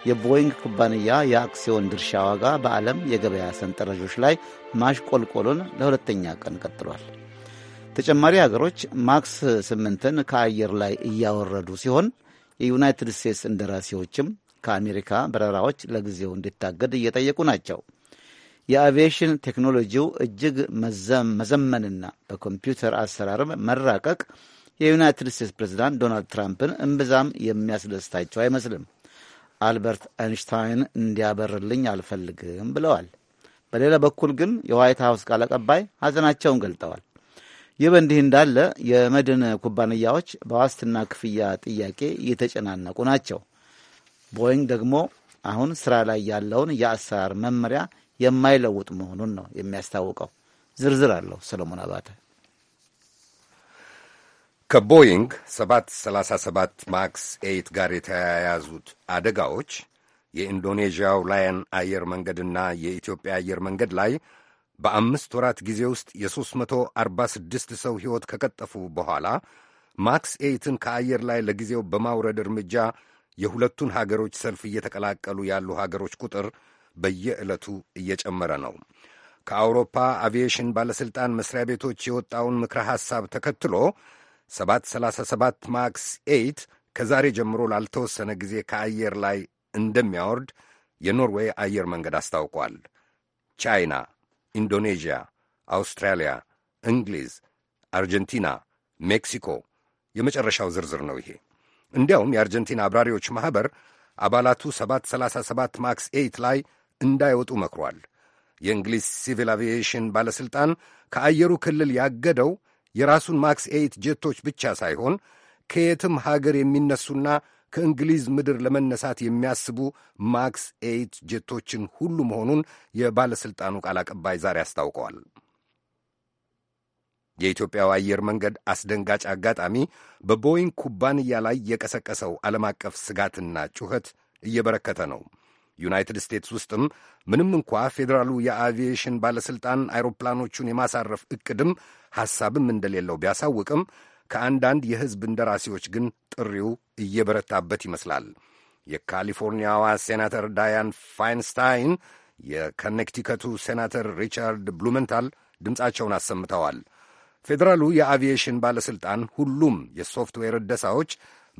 የቦይንግ ኩባንያ የአክሲዮን ድርሻ ዋጋ በዓለም የገበያ ሰንጠረዦች ላይ ማሽቆልቆሉን ለሁለተኛ ቀን ቀጥሏል። ተጨማሪ አገሮች ማክስ ስምንትን ከአየር ላይ እያወረዱ ሲሆን የዩናይትድ ስቴትስ እንደራሴዎችም ከአሜሪካ በረራዎች ለጊዜው እንዲታገድ እየጠየቁ ናቸው። የአቪዬሽን ቴክኖሎጂው እጅግ መዘመንና በኮምፒውተር አሰራርም መራቀቅ የዩናይትድ ስቴትስ ፕሬዚዳንት ዶናልድ ትራምፕን እምብዛም የሚያስደስታቸው አይመስልም። አልበርት አይንሽታይን እንዲያበርልኝ አልፈልግም ብለዋል። በሌላ በኩል ግን የዋይት ሀውስ ቃል አቀባይ ሐዘናቸውን ገልጠዋል። ይህ በእንዲህ እንዳለ የመድን ኩባንያዎች በዋስትና ክፍያ ጥያቄ እየተጨናነቁ ናቸው። ቦይንግ ደግሞ አሁን ስራ ላይ ያለውን የአሰራር መመሪያ የማይለውጥ መሆኑን ነው የሚያስታውቀው። ዝርዝር አለው ሰለሞን አባተ ከቦይንግ 737 ማክስ ኤይት ጋር የተያያዙት አደጋዎች የኢንዶኔዥያው ላየን አየር መንገድና የኢትዮጵያ አየር መንገድ ላይ በአምስት ወራት ጊዜ ውስጥ የ346 ሰው ሕይወት ከቀጠፉ በኋላ ማክስ ኤይትን ከአየር ላይ ለጊዜው በማውረድ እርምጃ የሁለቱን ሀገሮች ሰልፍ እየተቀላቀሉ ያሉ ሀገሮች ቁጥር በየዕለቱ እየጨመረ ነው። ከአውሮፓ አቪዬሽን ባለሥልጣን መስሪያ ቤቶች የወጣውን ምክረ ሐሳብ ተከትሎ 737 ማክስ 8 ከዛሬ ጀምሮ ላልተወሰነ ጊዜ ከአየር ላይ እንደሚያወርድ የኖርዌይ አየር መንገድ አስታውቋል። ቻይና፣ ኢንዶኔዥያ፣ አውስትራሊያ፣ እንግሊዝ፣ አርጀንቲና፣ ሜክሲኮ የመጨረሻው ዝርዝር ነው ይሄ። እንዲያውም የአርጀንቲና አብራሪዎች ማኅበር አባላቱ 737 ማክስ 8 ላይ እንዳይወጡ መክሯል። የእንግሊዝ ሲቪል አቪዬሽን ባለሥልጣን ከአየሩ ክልል ያገደው የራሱን ማክስ ኤይት ጀቶች ብቻ ሳይሆን ከየትም ሀገር የሚነሱና ከእንግሊዝ ምድር ለመነሳት የሚያስቡ ማክስ ኤይት ጀቶችን ሁሉ መሆኑን የባለሥልጣኑ ቃል አቀባይ ዛሬ አስታውቀዋል። የኢትዮጵያው አየር መንገድ አስደንጋጭ አጋጣሚ በቦይንግ ኩባንያ ላይ የቀሰቀሰው ዓለም አቀፍ ስጋትና ጩኸት እየበረከተ ነው። ዩናይትድ ስቴትስ ውስጥም ምንም እንኳ ፌዴራሉ የአቪዬሽን ባለሥልጣን አይሮፕላኖቹን የማሳረፍ ዕቅድም ሐሳብም እንደሌለው ቢያሳውቅም ከአንዳንድ የሕዝብ እንደራሴዎች ግን ጥሪው እየበረታበት ይመስላል። የካሊፎርኒያዋ ሴናተር ዳያን ፋይንስታይን፣ የከኔክቲከቱ ሴናተር ሪቻርድ ብሉመንታል ድምፃቸውን አሰምተዋል። ፌዴራሉ የአቪዬሽን ባለሥልጣን ሁሉም የሶፍትዌር ዕደሳዎች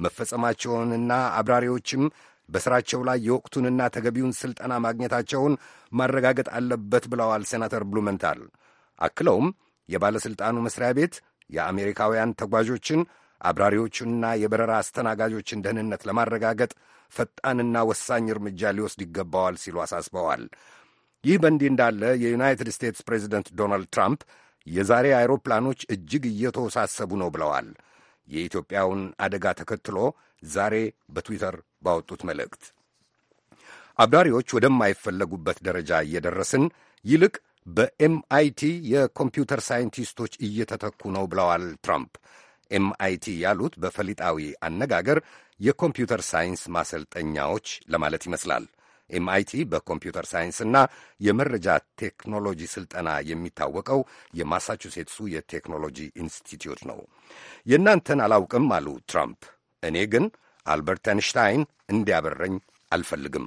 መፈጸማቸውንና አብራሪዎችም በሥራቸው ላይ የወቅቱንና ተገቢውን ሥልጠና ማግኘታቸውን ማረጋገጥ አለበት ብለዋል ሴናተር ብሉመንታል። አክለውም የባለሥልጣኑ መሥሪያ ቤት የአሜሪካውያን ተጓዦችን አብራሪዎችንና የበረራ አስተናጋጆችን ደህንነት ለማረጋገጥ ፈጣንና ወሳኝ እርምጃ ሊወስድ ይገባዋል ሲሉ አሳስበዋል። ይህ በእንዲህ እንዳለ የዩናይትድ ስቴትስ ፕሬዚደንት ዶናልድ ትራምፕ የዛሬ አይሮፕላኖች እጅግ እየተወሳሰቡ ነው ብለዋል። የኢትዮጵያውን አደጋ ተከትሎ ዛሬ በትዊተር ባወጡት መልእክት አብራሪዎች ወደማይፈለጉበት ደረጃ እየደረስን ይልቅ በኤምአይቲ የኮምፒውተር ሳይንቲስቶች እየተተኩ ነው ብለዋል ትራምፕ። ኤምአይቲ ያሉት በፈሊጣዊ አነጋገር የኮምፒውተር ሳይንስ ማሰልጠኛዎች ለማለት ይመስላል። ኤምአይቲ በኮምፒውተር ሳይንስና የመረጃ ቴክኖሎጂ ስልጠና የሚታወቀው የማሳቹሴትሱ የቴክኖሎጂ ኢንስቲትዩት ነው። የእናንተን አላውቅም አሉ ትራምፕ እኔ ግን አልበርት አንሽታይን እንዲያበረኝ አልፈልግም።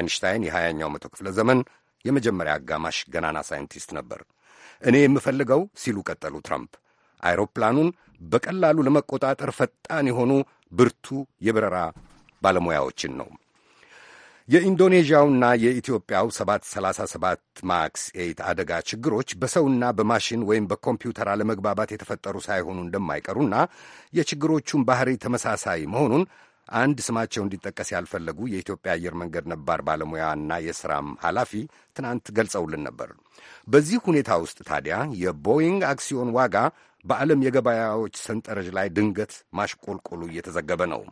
አንሽታይን የሀያኛው መቶ ክፍለ ዘመን የመጀመሪያ አጋማሽ ገናና ሳይንቲስት ነበር። እኔ የምፈልገው ሲሉ ቀጠሉ ትራምፕ አይሮፕላኑን በቀላሉ ለመቆጣጠር ፈጣን የሆኑ ብርቱ የበረራ ባለሙያዎችን ነው። የኢንዶኔዥያውና የኢትዮጵያው 737 ማክስ ኤይት አደጋ ችግሮች በሰውና በማሽን ወይም በኮምፒውተር አለመግባባት የተፈጠሩ ሳይሆኑ እንደማይቀሩና የችግሮቹን ባህሪ ተመሳሳይ መሆኑን አንድ ስማቸው እንዲጠቀስ ያልፈለጉ የኢትዮጵያ አየር መንገድ ነባር ባለሙያና የሥራም ኃላፊ ትናንት ገልጸውልን ነበር። በዚህ ሁኔታ ውስጥ ታዲያ የቦይንግ አክሲዮን ዋጋ በዓለም የገበያዎች ሰንጠረዥ ላይ ድንገት ማሽቆልቆሉ እየተዘገበ ነው።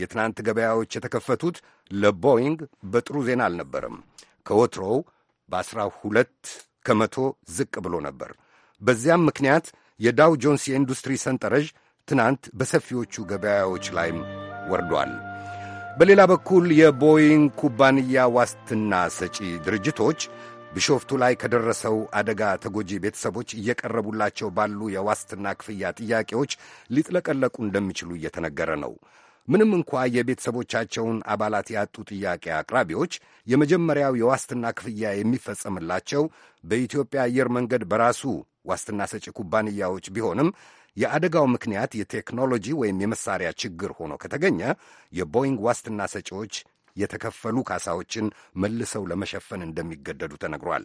የትናንት ገበያዎች የተከፈቱት ለቦይንግ በጥሩ ዜና አልነበረም። ከወትሮው በአስራ ሁለት ከመቶ ዝቅ ብሎ ነበር። በዚያም ምክንያት የዳው ጆንስ የኢንዱስትሪ ሰንጠረዥ ትናንት በሰፊዎቹ ገበያዎች ላይም ወርዷል። በሌላ በኩል የቦይንግ ኩባንያ ዋስትና ሰጪ ድርጅቶች ቢሾፍቱ ላይ ከደረሰው አደጋ ተጎጂ ቤተሰቦች እየቀረቡላቸው ባሉ የዋስትና ክፍያ ጥያቄዎች ሊጥለቀለቁ እንደሚችሉ እየተነገረ ነው። ምንም እንኳ የቤተሰቦቻቸውን አባላት ያጡ ጥያቄ አቅራቢዎች የመጀመሪያው የዋስትና ክፍያ የሚፈጸምላቸው በኢትዮጵያ አየር መንገድ በራሱ ዋስትና ሰጪ ኩባንያዎች ቢሆንም የአደጋው ምክንያት የቴክኖሎጂ ወይም የመሳሪያ ችግር ሆኖ ከተገኘ የቦይንግ ዋስትና ሰጪዎች የተከፈሉ ካሳዎችን መልሰው ለመሸፈን እንደሚገደዱ ተነግሯል።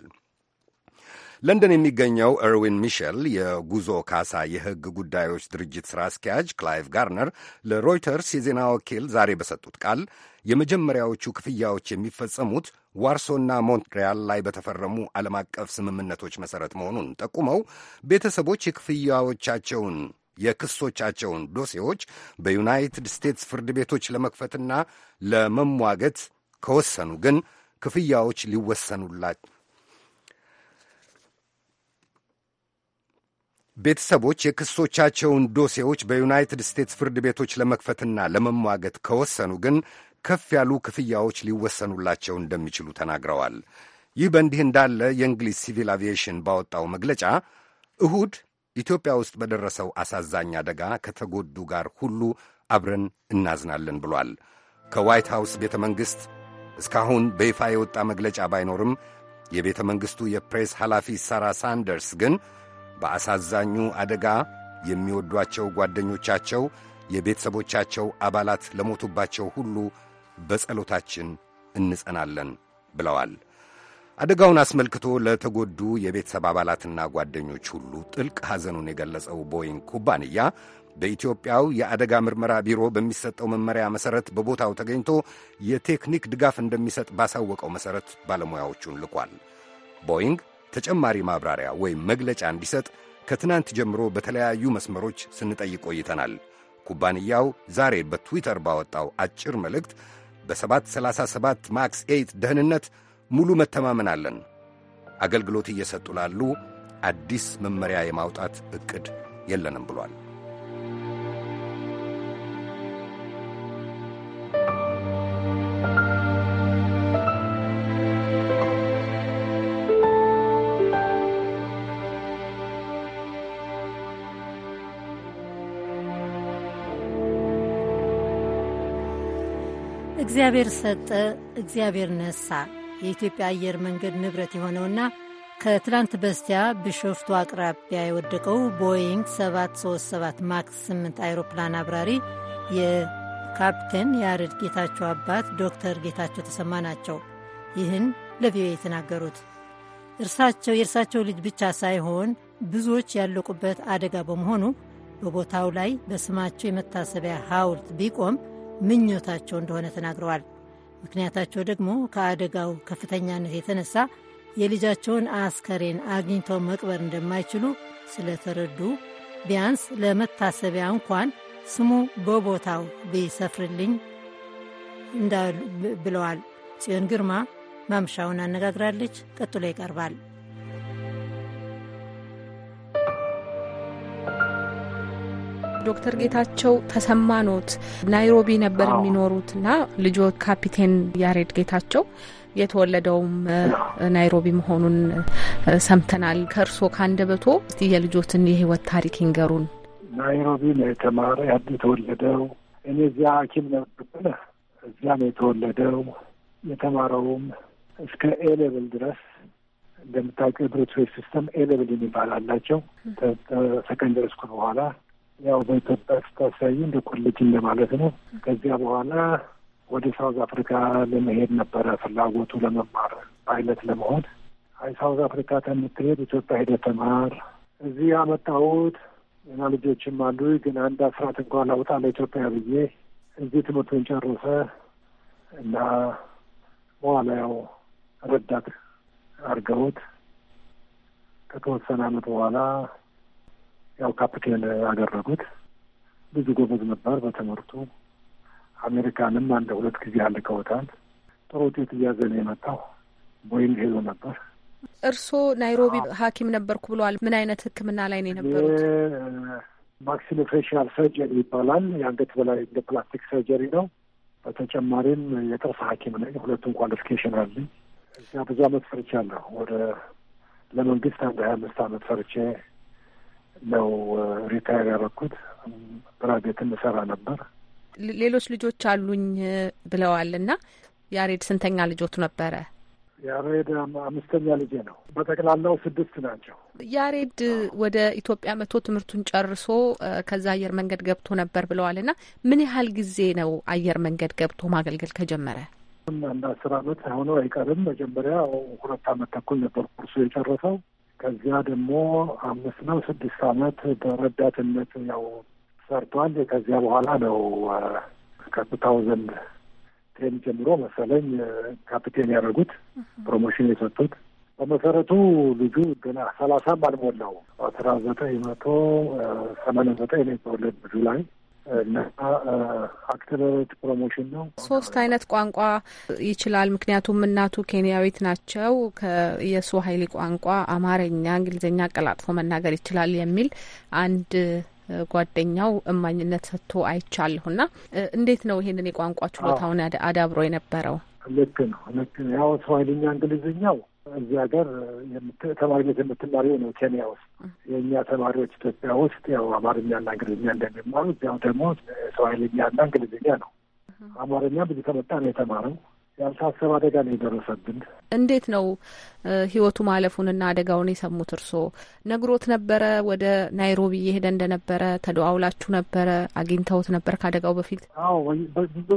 ለንደን የሚገኘው ኤርዊን ሚሸል የጉዞ ካሳ የሕግ ጉዳዮች ድርጅት ሥራ አስኪያጅ ክላይቭ ጋርነር ለሮይተርስ የዜና ወኪል ዛሬ በሰጡት ቃል የመጀመሪያዎቹ ክፍያዎች የሚፈጸሙት ዋርሶና ሞንትሪያል ላይ በተፈረሙ ዓለም አቀፍ ስምምነቶች መሠረት መሆኑን ጠቁመው ቤተሰቦች የክፍያዎቻቸውን የክሶቻቸውን ዶሴዎች በዩናይትድ ስቴትስ ፍርድ ቤቶች ለመክፈትና ለመሟገት ከወሰኑ ግን ክፍያዎች ቤተሰቦች የክሶቻቸውን ዶሴዎች በዩናይትድ ስቴትስ ፍርድ ቤቶች ለመክፈትና ለመሟገት ከወሰኑ ግን ከፍ ያሉ ክፍያዎች ሊወሰኑላቸው እንደሚችሉ ተናግረዋል። ይህ በእንዲህ እንዳለ የእንግሊዝ ሲቪል አቪዬሽን ባወጣው መግለጫ እሁድ ኢትዮጵያ ውስጥ በደረሰው አሳዛኝ አደጋ ከተጎዱ ጋር ሁሉ አብረን እናዝናለን ብሏል። ከዋይት ሃውስ ቤተ መንግሥት እስካሁን በይፋ የወጣ መግለጫ ባይኖርም የቤተ መንግሥቱ የፕሬስ ኃላፊ ሳራ ሳንደርስ ግን በአሳዛኙ አደጋ የሚወዷቸው ጓደኞቻቸው፣ የቤተሰቦቻቸው አባላት ለሞቱባቸው ሁሉ በጸሎታችን እንጸናለን ብለዋል። አደጋውን አስመልክቶ ለተጎዱ የቤተሰብ አባላትና ጓደኞች ሁሉ ጥልቅ ሐዘኑን የገለጸው ቦይንግ ኩባንያ በኢትዮጵያው የአደጋ ምርመራ ቢሮ በሚሰጠው መመሪያ መሠረት በቦታው ተገኝቶ የቴክኒክ ድጋፍ እንደሚሰጥ ባሳወቀው መሠረት ባለሙያዎቹን ልኳል። ቦይንግ ተጨማሪ ማብራሪያ ወይም መግለጫ እንዲሰጥ ከትናንት ጀምሮ በተለያዩ መስመሮች ስንጠይቅ ቆይተናል። ኩባንያው ዛሬ በትዊተር ባወጣው አጭር መልእክት በ737 ማክስ 8 ደህንነት ሙሉ መተማመን አለን። አገልግሎት እየሰጡ ላሉ አዲስ መመሪያ የማውጣት ዕቅድ የለንም ብሏል። እግዚአብሔር ሰጠ፣ እግዚአብሔር ነሳ። የኢትዮጵያ አየር መንገድ ንብረት የሆነውና ከትላንት በስቲያ ብሾፍቱ አቅራቢያ የወደቀው ቦይንግ 737 ማክስ 8 አይሮፕላን አብራሪ የካፕቴን ያሬድ ጌታቸው አባት ዶክተር ጌታቸው ተሰማ ናቸው። ይህን ለቪኦኤ የተናገሩት እርሳቸው የእርሳቸው ልጅ ብቻ ሳይሆን ብዙዎች ያለቁበት አደጋ በመሆኑ በቦታው ላይ በስማቸው የመታሰቢያ ሐውልት ቢቆም ምኞታቸው እንደሆነ ተናግረዋል። ምክንያታቸው ደግሞ ከአደጋው ከፍተኛነት የተነሳ የልጃቸውን አስከሬን አግኝተው መቅበር እንደማይችሉ ስለተረዱ ቢያንስ ለመታሰቢያ እንኳን ስሙ በቦታው ቢሰፍርልኝ ብለዋል። ጽዮን ግርማ ማምሻውን አነጋግራለች። ቀጥሎ ይቀርባል። ዶክተር ጌታቸው ተሰማኖት ናይሮቢ ነበር የሚኖሩት እና ልጆ ካፒቴን ያሬድ ጌታቸው የተወለደውም ናይሮቢ መሆኑን ሰምተናል። ከአንድ በቶ እስቲ የልጆትን የህይወት ታሪክ ይንገሩን። ናይሮቢ ነው የተማረ ያን የተወለደው እኔ እዚያ ሐኪም ነበር እዚያ ነው የተወለደው። የተማረውም እስከ ኤሌብል ድረስ እንደምታውቀው የብሬት ሲስተም ኤሌብል የሚባል አላቸው። ሰከንደሪ ስኩል በኋላ ያው በኢትዮጵያ ስታሳይ እንደ ኮሌጅ እንደማለት ነው። ከዚያ በኋላ ወደ ሳውዝ አፍሪካ ለመሄድ ነበረ ፍላጎቱ ለመማር ፓይለት ለመሆን። አይ ሳውዝ አፍሪካ ከምትሄድ ኢትዮጵያ ሄደ ተማር። እዚህ ያመጣሁት እና ልጆችም አሉ፣ ግን አንድ አስራት እንኳን ላውጣ ለኢትዮጵያ ብዬ እዚህ ትምህርቱን ጨርሰ እና በኋላ ያው ረዳት አድርገውት ከተወሰነ አመት በኋላ ያው ካፕቴን ያደረጉት ብዙ ጎበዝ ነበር በትምህርቱ። አሜሪካንም አንድ ሁለት ጊዜ አልቀውታል። ጥሩ ውጤት እያዘነ የመጣው ቦይንግ ሄዶ ነበር። እርስዎ ናይሮቢ ሐኪም ነበርኩ ብለዋል። ምን አይነት ሕክምና ላይ ነው የነበሩት? ማክሲሎፌሻል ሰርጀሪ ይባላል። የአንገት በላይ እንደ ፕላስቲክ ሰርጀሪ ነው። በተጨማሪም የጥርስ ሐኪም ነኝ። ሁለቱም ኳሊፊኬሽን አለኝ። እዚያ ብዙ አመት ፈርቻለሁ። ወደ ለመንግስት አንድ ሀያ አምስት አመት ፈርቼ ነው ሪታየር ያደረኩት። ፕራይቬትን እሰራ ነበር። ሌሎች ልጆች አሉኝ ብለዋል። እና ያሬድ ስንተኛ ልጆቱ ነበረ? ያሬድ አምስተኛ ልጄ ነው። በጠቅላላው ስድስት ናቸው። ያሬድ ወደ ኢትዮጵያ መጥቶ ትምህርቱን ጨርሶ ከዛ አየር መንገድ ገብቶ ነበር ብለዋል። እና ምን ያህል ጊዜ ነው አየር መንገድ ገብቶ ማገልገል ከጀመረ? አንድ አስር አመት ሆኖ አይቀርም። መጀመሪያ ሁለት አመት ተኩል ነበር ኩርሱ የጨረሰው። ከዚያ ደግሞ አምስት ነው ስድስት አመት በረዳትነት ያው ሰርቷል። ከዚያ በኋላ ነው ከቱ ታውዘንድ ቴን ጀምሮ መሰለኝ ካፒቴን ያደረጉት ፕሮሞሽን የሰጡት። በመሰረቱ ልጁ ገና ሰላሳም አልሞላው አስራ ዘጠኝ መቶ ሰማንያ ዘጠኝ ነው የተወለደ ጁላይ እና ፕሮሞሽን ነው። ሶስት አይነት ቋንቋ ይችላል። ምክንያቱም እናቱ ኬንያዊት ናቸው። ሀይሊ ቋንቋ፣ አማርኛ፣ እንግሊዝኛ አቀላጥፎ መናገር ይችላል የሚል አንድ ጓደኛው እማኝነት ሰጥቶ አይቻለሁና እንዴት ነው ይሄንን የቋንቋ ችሎታውን አዳብሮ የነበረው? ልክ ነው ልክ ነው። ያው ሀይልኛ እንግሊዝኛው እዚህ ሀገር ተማሪ ቤት የምትማሪው ነው ኬንያ ውስጥ። የእኛ ተማሪዎች ኢትዮጵያ ውስጥ ያው አማርኛና እንግሊዝኛ እንደሚማሩት ያው ደግሞ ሰዋሂልኛና እንግሊዝኛ ነው። አማርኛ ብዙ ከመጣ ነው የተማረው። ያልታሰብ አደጋ ነው የደረሰብን። እንዴት ነው ህይወቱ ማለፉንና አደጋውን የሰሙት እርስዎ? ነግሮት ነበረ ወደ ናይሮቢ እየሄደ እንደነበረ? ተደዋውላችሁ ነበረ? አግኝተውት ነበር ከአደጋው በፊት? አዎ ብዙ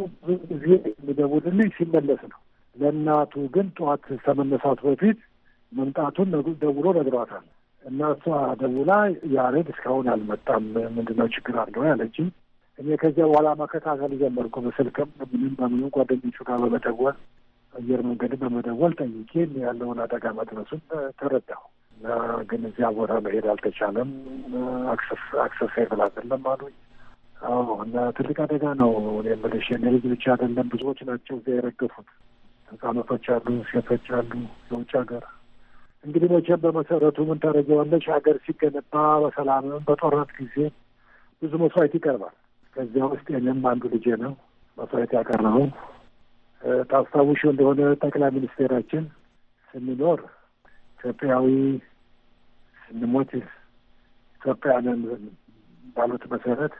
ጊዜ የሚደውልልኝ ሲመለስ ነው ለእናቱ ግን ጠዋት ከመነሳቱ በፊት መምጣቱን ደውሎ ነግሯታል። እና ደውላ ያሬድ እስካሁን አልመጣም፣ ምንድነው ችግር አለው ያለችኝ። እኔ ከዚያ በኋላ መከታተል ጀመርኩ። በስልክም በምንም በምንም ጓደኞቹ ጋር በመደወል አየር መንገድ በመደወል ጠይቄ ያለውን አደጋ መድረሱን ተረዳሁ። ግን እዚያ ቦታ መሄድ አልተቻለም፣ አክሰስ ብል አይደለም አሉኝ። አዎ እና ትልቅ አደጋ ነው የምልሽ። የኔ ልጅ ብቻ አይደለም ብዙዎች ናቸው እዚያ የረገፉት። ህጻኖቶች አሉ፣ ሴቶች አሉ፣ የውጭ ሀገር እንግዲህ መቼም በመሰረቱ ምን ታደርጊዋለሽ? ሀገር ሲገነባ በሰላምም በጦርነት ጊዜ ብዙ መስዋዕት ይቀርባል። ከዚያ ውስጥ የኔም አንዱ ልጄ ነው መስዋዕት ያቀረበው። ታስታውሽ እንደሆነ ጠቅላይ ሚኒስቴራችን ስንኖር ኢትዮጵያዊ ስንሞት ኢትዮጵያንን ባሉት መሰረት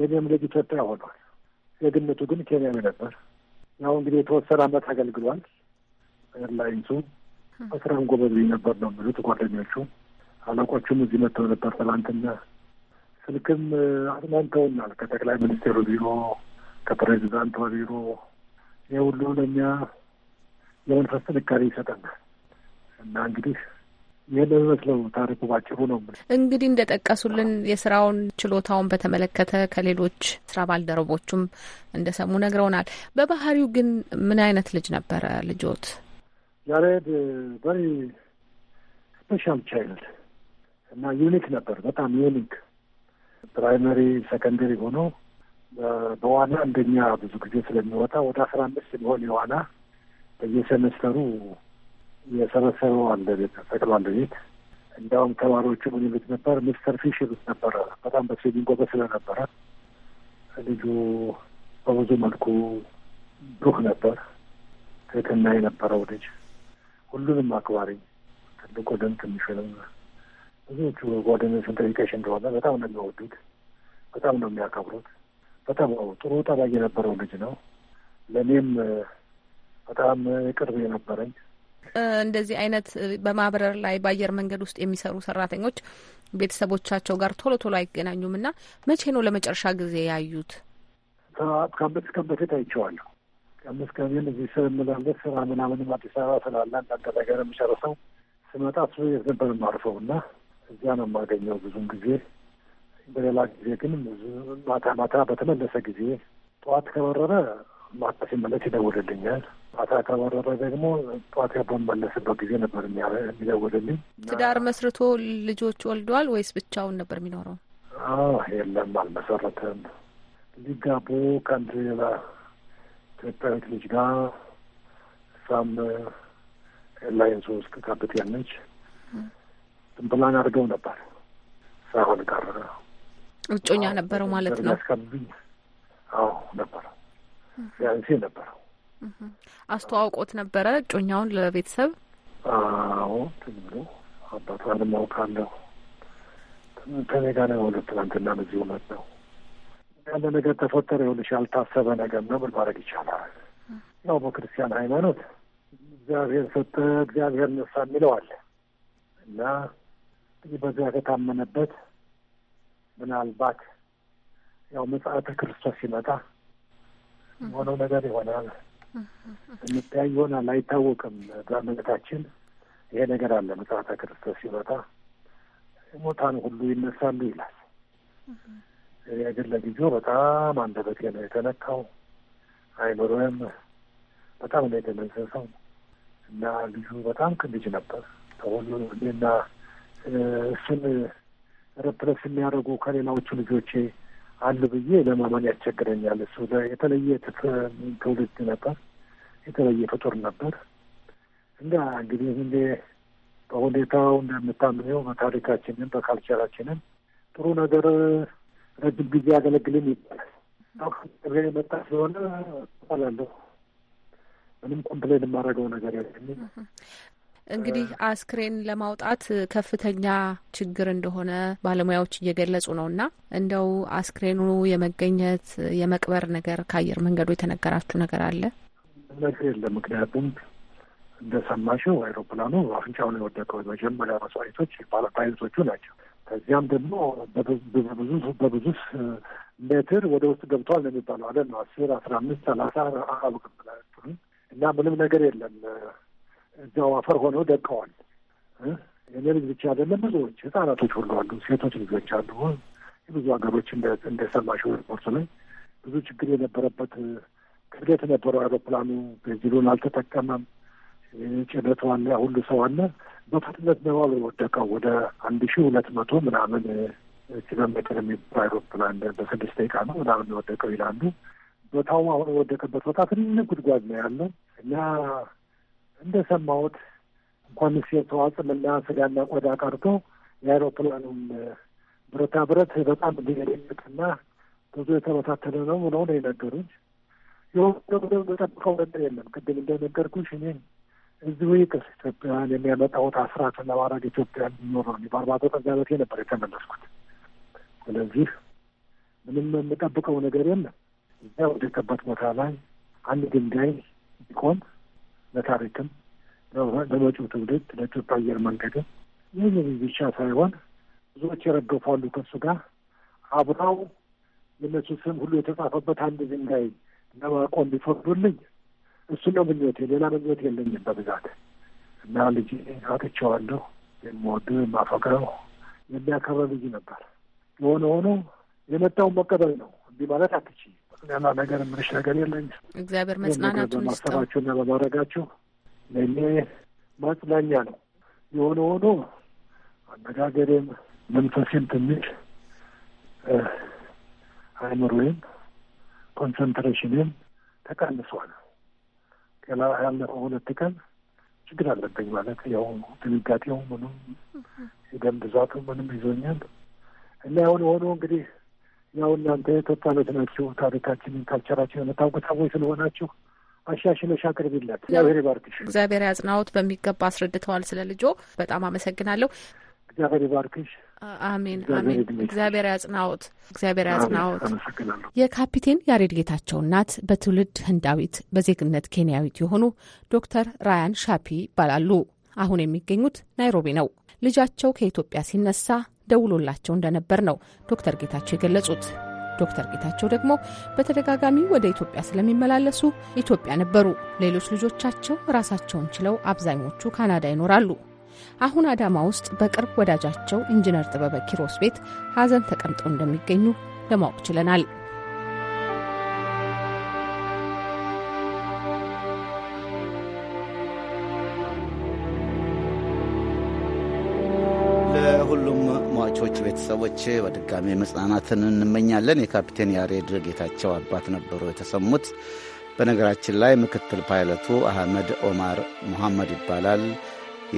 የኔም ልጅ ኢትዮጵያ ሆኗል። ዜግነቱ ግን ኬንያዊ ነበር። ያው እንግዲህ የተወሰነ አመት አገልግሏል። ኤርላይንሱ በስራም ጎበዝ ነበር ነው የሚሉት ጓደኞቹ። አለቆቹም እዚህ መጥተው ነበር ትላንትና። ስልክም አጽናንተውናል። ከጠቅላይ ሚኒስቴሩ ቢሮ፣ ከፕሬዚዳንቷ ቢሮ ይህ ሁሉ ለእኛ የመንፈስ ጥንካሬ ይሰጠናል እና እንግዲህ የደረስነው ታሪኩ ባጭሩ ነው። እንግዲህ እንደ ጠቀሱልን የስራውን ችሎታውን በተመለከተ ከሌሎች ስራ ባልደረቦቹም እንደ ሰሙ ነግረውናል። በባህሪው ግን ምን አይነት ልጅ ነበረ ልጆት? ያሬድ በሪ ስፔሻል ቻይልድ እና ዩኒክ ነበር። በጣም ዩኒክ ፕራይመሪ ሰከንደሪ ሆኖ በዋና እንደኛ ብዙ ጊዜ ስለሚወጣ ወደ አስራ አምስት ሊሆን የዋና በየሰመስተሩ የሰበሰበው አንድ ቤት ተሰቅሎ አንድ ቤት እንዲያውም ተማሪዎቹ ምን ይሉት ነበር? ሚስተር ፊሽ ይሉት ነበረ። በጣም በስዊሚንግ ጎበዝ ስለነበረ ልጁ በብዙ መልኩ ብሩህ ነበር። ትህትና የነበረው ልጅ፣ ሁሉንም አክባሪ፣ ትልቁንም ትንሹንም። ብዙዎቹ ጓደኞቹ ጠይቀሽ እንደሆነ በጣም ነው የሚወዱት፣ በጣም ነው የሚያከብሩት። በጣም ነው ጥሩ ጠባይ የነበረው ልጅ ነው። ለእኔም በጣም ቅርብ የነበረኝ እንደዚህ አይነት በማብረር ላይ በአየር መንገድ ውስጥ የሚሰሩ ሰራተኞች ቤተሰቦቻቸው ጋር ቶሎ ቶሎ አይገናኙም እና መቼ ነው ለመጨረሻ ጊዜ ያዩት? ከአምስት ቀን በፊት አይቼዋለሁ። ከአምስት ቀን ግን እዚህ ስር የምለበት ስራ ምናምንም አዲስ አበባ ስላለ አንዳንድ ነገር የሚጨርሰው ስመጣ እሱ የት ነበር የማርፈው እና እዚያ ነው የማገኘው ብዙን ጊዜ። በሌላ ጊዜ ግን ማታ ማታ በተመለሰ ጊዜ ጠዋት ከበረረ ማታ ሲመለስ ይደውልልኛል። ማታ ከበረረ ደግሞ ጠዋት በመለስበት ጊዜ ነበር የሚደውልልኝ። ትዳር መስርቶ ልጆች ወልደዋል ወይስ ብቻውን ነበር የሚኖረው? የለም አልመሰረተም። ሊጋቡ ከአንድ ኢትዮጵያዊት ልጅ ጋር እሷም ኤርላይንስ ውስጥ ካብት ያለች ፕላን አድርገው ነበር። ሳይሆን ቀረ። እጮኛ ነበረው ማለት ነው። ያስከብኝ። አዎ ነበረ ያንሴ ሲል ነበረው አስተዋውቆት ነበረ እጮኛውን ለቤተሰብ። አዎ ትብሎ አባቷን ማውቃለሁ። ከኔ ጋር ነው የሆነ ትናንትና በዚህ እውነት ነው ያለ ነገር ተፈጠረ። ይኸውልሽ ያልታሰበ ነገር ነው። ምን ማድረግ ይቻላል? ያው በክርስቲያን ሃይማኖት እግዚአብሔር ሰጠ እግዚአብሔር ነሳ የሚለው አለ እና በዚያ ከታመነበት ምናልባት ያው ምጽአተ ክርስቶስ ሲመጣ የሆነው ነገር ይሆናል። እንጠያይ ይሆናል አይታወቅም። ዳመነታችን ይሄ ነገር አለ። ምጽአተ ክርስቶስ ሲመጣ ሙታን ሁሉ ይነሳሉ ይላል። ግን ለጊዜው በጣም አንደበቴ ነው የተነካው፣ አይምሮዬም በጣም ነው የተመዘሰው እና ልጁ በጣም ክልጅ ነበር ተሁሉ እና እሱን ረፕረስ የሚያደርጉ ከሌላዎቹ ልጆቼ አሉ ብዬ ለማመን ያስቸግረኛል። እሱ የተለየ ትውልድ ነበር፣ የተለየ ፍጡር ነበር። እና እንግዲህ እንደ በሁኔታው እንደምታምነው በታሪካችንም በካልቸራችንም ጥሩ ነገር ረጅም ጊዜ ያገለግልን ይባላል። አሁን የመጣ ስለሆነ ባላለሁ ምንም ኮምፕሌን የማደርገው ነገር የለም። እንግዲህ አስክሬን ለማውጣት ከፍተኛ ችግር እንደሆነ ባለሙያዎች እየገለጹ ነው እና እንደው አስክሬኑ የመገኘት የመቅበር ነገር ከአየር መንገዱ የተነገራችሁ ነገር አለ? ነገር የለም። ምክንያቱም እንደሰማሽው አይሮፕላኑ አፍንጫውን የወደቀው የመጀመሪያ መስዋዕቶች ፓይለቶቹ ናቸው። ከዚያም ደግሞ በብዙ በብዙ ሜትር ወደ ውስጥ ገብተዋል ነው የሚባለው አለ ነው አስር አስራ አምስት ሰላሳ አራብ እና ምንም ነገር የለም እዛው አፈር ሆነው ደቀዋል። የኔ ልጅ ብቻ አይደለም፣ ብዙዎች ህጻናቶች ሁሉ አሉ፣ ሴቶች ልጆች አሉ። ብዙ ሀገሮች እንደሰማሽው ሪፖርቱ ላይ ብዙ ችግር የነበረበት ክብደት የነበረው አይሮፕላኑ ቤንዚኑን አልተጠቀመም። ጭነቱ አለ፣ ሁሉ ሰው አለ። በፍጥነት ነባሉ የወደቀው። ወደ አንድ ሺህ ሁለት መቶ ምናምን ኪሎ ሜትር የሚባ አይሮፕላን በስድስት ደቂቃ ነው ምናምን የወደቀው ይላሉ። ቦታውም አሁን የወደቀበት ቦታ ትልቅ ጉድጓድ ነው ያለው እና እንደሰማሁት እንኳንስ የተዋጽምና ስጋና ቆዳ ቀርቶ የአይሮፕላኑም ብረታ ብረት በጣም ሊገደኝትና ብዙ የተበታተነ ነው ነው ነው የነገሩኝ። የሆነ የጠብቀው ነገር የለም። ቅድም እንደነገርኩሽ እኔ እዚሁ ይቅር ኢትዮጵያን የሚያመጣውት አስራት ለማድረግ ኢትዮጵያን ኖረ በአርባ ዘጠኝ ዓመቴ ነበር የተመለስኩት። ስለዚህ ምንም የምጠብቀው ነገር የለም። እዚያ ወደ ከበት ቦታ ላይ አንድ ድንጋይ ቢቆም ለታሪክም ለመጪው ትውልድ ለኢትዮጵያ አየር መንገድም ይህ ብቻ ሳይሆን ብዙዎች የረገፏሉ ከሱ ጋር አብረው የእነሱ ስም ሁሉ የተጻፈበት አንድ ድንጋይ ለማቆም ቢፈቅዱልኝ እሱ ነው ምኞቴ። ሌላ ምኞት የለኝም በብዛት እና ልጅ አጥቼዋለሁ። የምወደው የማፈቅረው የሚያከብር ልጅ ነበር። የሆነ ሆኖ የመጣውን መቀበል ነው። እንዲህ ማለት አትችይም። ሌላ ነገር ምንሽ ነገር የለኝ። እግዚአብሔር መጽናናቱን በማሰባችሁና በማድረጋችሁ ለእኔ ማጽናኛ ነው። የሆነ ሆኖ አነጋገሬም መንፈሴም ትንሽ አይምሮዬም ኮንሰንትሬሽንም ተቀንሷል። ገና ያለፈው ሁለት ቀን ችግር አለብኝ ማለት ያው ድንጋጤው ምኑም የደም ብዛቱ ምንም ይዞኛል እና የሆነ ሆኖ እንግዲህ ያው እናንተ ኢትዮጵያኖች ናችሁ፣ ታሪካችንን ካልቸራችን የምታውቁ ሰዎች ስለሆናችሁ አሻሽለሽ አቅርቢላት። እግዚአብሔር ይባርክሽ። እግዚአብሔር ያጽናዎት። በሚገባ አስረድተዋል ስለ ልጆ። በጣም አመሰግናለሁ። እግዚአብሔር ይባርክሽ። አሜን አሜን። እግዚአብሔር ያጽናዎት። እግዚአብሔር ያጽናዎት። የካፒቴን ያሬድ ጌታቸው እናት በትውልድ ህንዳዊት በዜግነት ኬንያዊት የሆኑ ዶክተር ራያን ሻፒ ይባላሉ። አሁን የሚገኙት ናይሮቢ ነው። ልጃቸው ከኢትዮጵያ ሲነሳ ደውሎላቸው እንደነበር ነው ዶክተር ጌታቸው የገለጹት። ዶክተር ጌታቸው ደግሞ በተደጋጋሚ ወደ ኢትዮጵያ ስለሚመላለሱ ኢትዮጵያ ነበሩ። ሌሎች ልጆቻቸው ራሳቸውን ችለው አብዛኞቹ ካናዳ ይኖራሉ። አሁን አዳማ ውስጥ በቅርብ ወዳጃቸው ኢንጂነር ጥበበ ኪሮስ ቤት ሐዘን ተቀምጠው እንደሚገኙ ለማወቅ ችለናል። ቤተሰቦች በድጋሚ መጽናናትን እንመኛለን። የካፒቴን ያሬድ ጌታቸው አባት ነበሩ የተሰሙት። በነገራችን ላይ ምክትል ፓይለቱ አህመድ ኦማር ሙሐመድ ይባላል።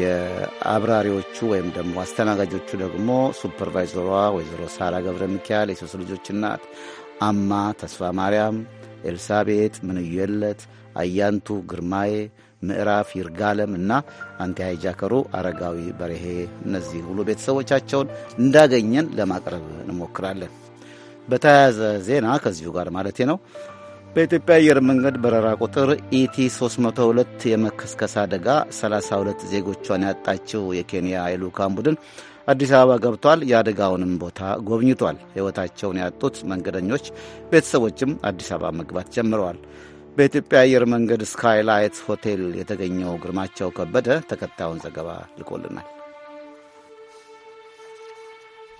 የአብራሪዎቹ ወይም ደግሞ አስተናጋጆቹ ደግሞ ሱፐርቫይዘሯ ወይዘሮ ሳራ ገብረ ሚካኤል፣ የሶስት ልጆች እናት አማ ተስፋ ማርያም፣ ኤልሳቤጥ ምንዩየለት፣ አያንቱ ግርማዬ ምዕራፍ ይርጋለም እና አንቲ ሃይጃከሩ አረጋዊ በርሄ እነዚህ ሁሉ ቤተሰቦቻቸውን እንዳገኘን ለማቅረብ እንሞክራለን። በተያያዘ ዜና ከዚሁ ጋር ማለቴ ነው። በኢትዮጵያ አየር መንገድ በረራ ቁጥር ኢቲ 302 የመከስከስ አደጋ 32 ዜጎቿን ያጣችው የኬንያ የልዑካን ቡድን አዲስ አበባ ገብቷል። የአደጋውንም ቦታ ጎብኝቷል። ሕይወታቸውን ያጡት መንገደኞች ቤተሰቦችም አዲስ አበባ መግባት ጀምረዋል። በኢትዮጵያ አየር መንገድ ስካይላይት ሆቴል የተገኘው ግርማቸው ከበደ ተከታዩን ዘገባ ልኮልናል።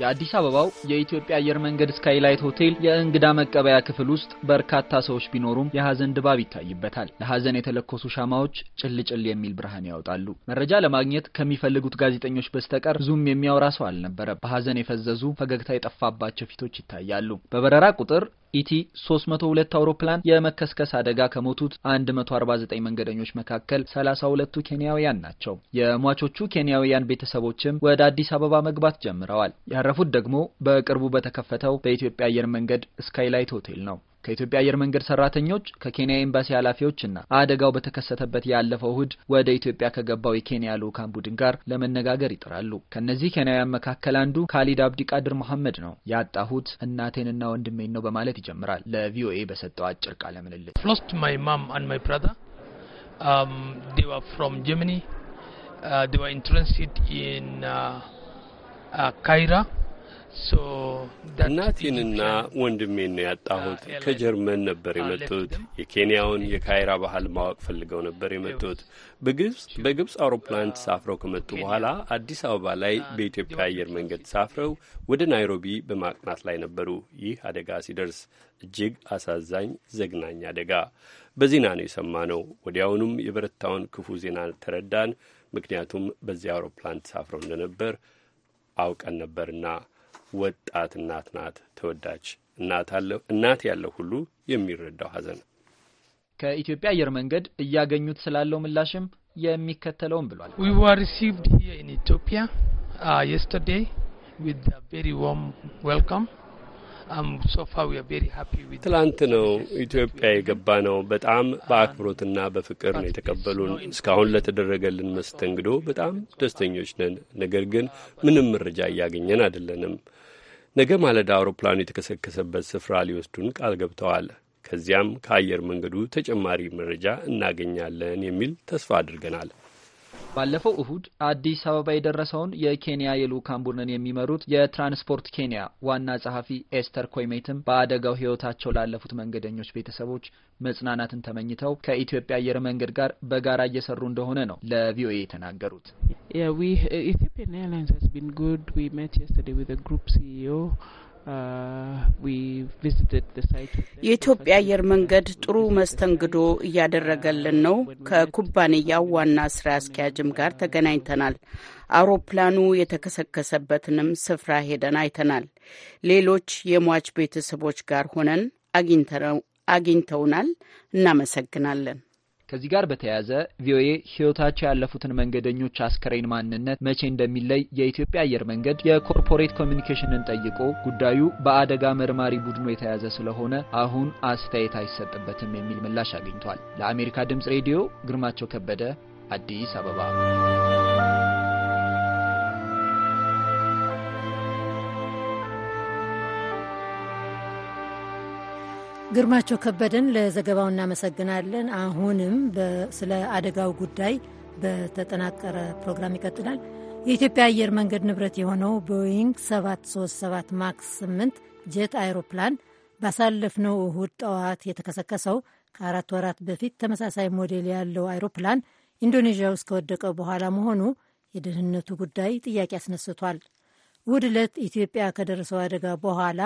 የአዲስ አበባው የኢትዮጵያ አየር መንገድ ስካይላይት ሆቴል የእንግዳ መቀበያ ክፍል ውስጥ በርካታ ሰዎች ቢኖሩም የሐዘን ድባብ ይታይበታል። ለሐዘን የተለኮሱ ሻማዎች ጭልጭል የሚል ብርሃን ያወጣሉ። መረጃ ለማግኘት ከሚፈልጉት ጋዜጠኞች በስተቀር ብዙም የሚያወራ ሰው አልነበረ። በሐዘን የፈዘዙ ፈገግታ የጠፋባቸው ፊቶች ይታያሉ። በበረራ ቁጥር ኢቲ 302 አውሮፕላን የመከስከስ አደጋ ከሞቱት 149 መንገደኞች መካከል 32ቱ ኬንያውያን ናቸው። የሟቾቹ ኬንያውያን ቤተሰቦችም ወደ አዲስ አበባ መግባት ጀምረዋል። ያረፉት ደግሞ በቅርቡ በተከፈተው በኢትዮጵያ አየር መንገድ ስካይላይት ሆቴል ነው። ከኢትዮጵያ አየር መንገድ ሰራተኞች ከኬንያ ኤምባሲ ኃላፊዎችና አደጋው በተከሰተበት ያለፈው እሁድ ወደ ኢትዮጵያ ከገባው የኬንያ ልዑካን ቡድን ጋር ለመነጋገር ይጥራሉ። ከእነዚህ ኬንያውያን መካከል አንዱ ካሊድ አብዲ ቃድር መሐመድ ነው። ያጣሁት እናቴንና ወንድሜን ነው በማለት ይጀምራል። ለቪኦኤ በሰጠው አጭር ቃለ ምልልስ ሎስት ማይ ማም አንድ ማይ ብራዘር ካይራ እናቴንና ወንድሜን ነው ያጣሁት። ah, ከጀርመን ነበር ah, የመጡት። የኬንያውን የካይራ ባህል ማወቅ ፈልገው ነበር የመጡት። በግብጽ አውሮፕላን ተሳፍረው ከመጡ ah, በኋላ አዲስ አበባ ላይ በኢትዮጵያ አየር መንገድ ተሳፍረው ወደ ናይሮቢ በማቅናት ላይ ነበሩ። ይህ አደጋ ሲደርስ እጅግ አሳዛኝ ዘግናኝ አደጋ በዜና ነው የሰማ ነው። ወዲያውኑም የበረታውን ክፉ ዜና ተረዳን። ምክንያቱም በዚያ አውሮፕላን ተሳፍረው እንደነበር አውቀን ነበርና ወጣት እናት ናት ተወዳጅ እናት ያለው ሁሉ የሚረዳው ሀዘን ከኢትዮጵያ አየር መንገድ እያገኙት ስላለው ምላሽም የሚከተለውም ብሏል። we were received uh, um, ትላንት ነው ኢትዮጵያ የገባ ነው። በጣም በአክብሮትና በፍቅር ነው የተቀበሉን። እስካሁን ለተደረገልን መስተንግዶ በጣም ደስተኞች ነን። ነገር ግን ምንም መረጃ እያገኘን አይደለንም። ነገ ማለዳ አውሮፕላኑ የተከሰከሰበት ስፍራ ሊወስዱን ቃል ገብተዋል። ከዚያም ከአየር መንገዱ ተጨማሪ መረጃ እናገኛለን የሚል ተስፋ አድርገናል። ባለፈው እሁድ አዲስ አበባ የደረሰውን የኬንያ የልኡካን ቡድንን የሚመሩት የትራንስፖርት ኬንያ ዋና ጸሐፊ ኤስተር ኮይሜትም በአደጋው ሕይወታቸው ላለፉት መንገደኞች ቤተሰቦች መጽናናትን ተመኝተው ከኢትዮጵያ አየር መንገድ ጋር በጋራ እየሰሩ እንደሆነ ነው ለቪኦኤ የተናገሩት። ኢትዮጵያን ኤርላይንስ ቢን ጉድ ዊ ሜት የስተርዴይ ዊዝ ግሩፕ ሲኢኦ Uh, የኢትዮጵያ አየር መንገድ ጥሩ መስተንግዶ እያደረገልን ነው። ከኩባንያው ዋና ስራ አስኪያጅም ጋር ተገናኝተናል። አውሮፕላኑ የተከሰከሰበትንም ስፍራ ሄደን አይተናል። ሌሎች የሟች ቤተሰቦች ጋር ሆነን አግኝተውናል። እናመሰግናለን። ከዚህ ጋር በተያያዘ ቪኦኤ ህይወታቸው ያለፉትን መንገደኞች አስከሬን ማንነት መቼ እንደሚለይ የኢትዮጵያ አየር መንገድ የኮርፖሬት ኮሚኒኬሽንን ጠይቆ ጉዳዩ በአደጋ መርማሪ ቡድኑ የተያዘ ስለሆነ አሁን አስተያየት አይሰጥበትም የሚል ምላሽ አግኝቷል። ለአሜሪካ ድምጽ ሬዲዮ ግርማቸው ከበደ አዲስ አበባ ግርማቸው ከበደን ለዘገባው እናመሰግናለን። አሁንም ስለ አደጋው ጉዳይ በተጠናቀረ ፕሮግራም ይቀጥላል። የኢትዮጵያ አየር መንገድ ንብረት የሆነው ቦይንግ 737 ማክስ 8 ጄት አይሮፕላን ባሳለፍነው እሁድ ጠዋት የተከሰከሰው ከአራት ወራት በፊት ተመሳሳይ ሞዴል ያለው አይሮፕላን ኢንዶኔዥያ ውስጥ ከወደቀ በኋላ መሆኑ የደህንነቱ ጉዳይ ጥያቄ አስነስቷል። እሁድ ዕለት ኢትዮጵያ ከደረሰው አደጋ በኋላ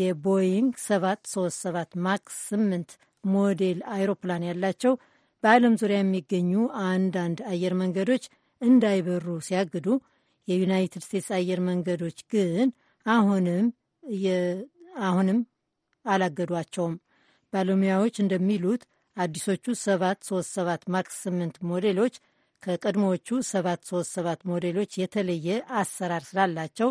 የቦይንግ 737 ማክስ 8 ሞዴል አይሮፕላን ያላቸው በዓለም ዙሪያ የሚገኙ አንዳንድ አየር መንገዶች እንዳይበሩ ሲያግዱ፣ የዩናይትድ ስቴትስ አየር መንገዶች ግን አሁንም አሁንም አላገዷቸውም። ባለሙያዎች እንደሚሉት አዲሶቹ 737 ማክስ 8 ሞዴሎች ከቀድሞዎቹ 737 ሞዴሎች የተለየ አሰራር ስላላቸው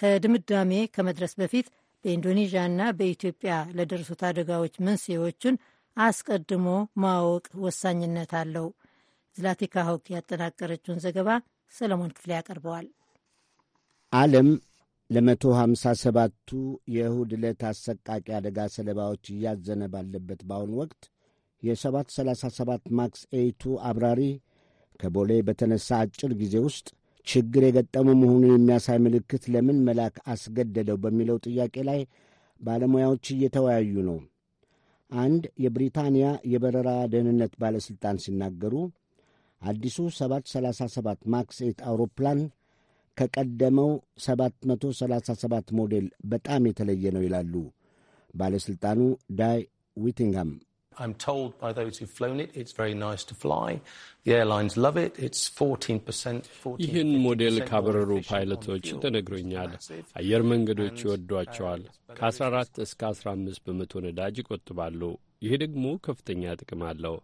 ከድምዳሜ ከመድረስ በፊት በኢንዶኔዥያና በኢትዮጵያ ለደረሱት አደጋዎች መንስኤዎቹን አስቀድሞ ማወቅ ወሳኝነት አለው። ዝላቲካ ሆክ ያጠናቀረችውን ዘገባ ሰለሞን ክፍሌ ያቀርበዋል። ዓለም ለመቶ ሃምሳ ሰባቱ የእሁድ ዕለት አሰቃቂ አደጋ ሰለባዎች እያዘነ ባለበት በአሁኑ ወቅት የ737 ማክስ ኤይቱ አብራሪ ከቦሌ በተነሳ አጭር ጊዜ ውስጥ ችግር የገጠመው መሆኑን የሚያሳይ ምልክት ለምን መላክ አስገደደው በሚለው ጥያቄ ላይ ባለሙያዎች እየተወያዩ ነው። አንድ የብሪታንያ የበረራ ደህንነት ባለሥልጣን ሲናገሩ አዲሱ 737 ማክስ 8 አውሮፕላን ከቀደመው 737 ሞዴል በጣም የተለየ ነው ይላሉ ባለሥልጣኑ ዳይ ዊቲንግሃም I'm told by those who've flown it, it's very nice to fly. The airlines love it. It's 14%, 14 ይህን ሞዴል ካበረሩ ፓይለቶች ተነግሮኛል። አየር መንገዶች ይወዷቸዋል። ከ14 እስከ 15 በመቶ ነዳጅ ይቆጥባሉ። ይሄ ደግሞ ከፍተኛ ጥቅም አለው።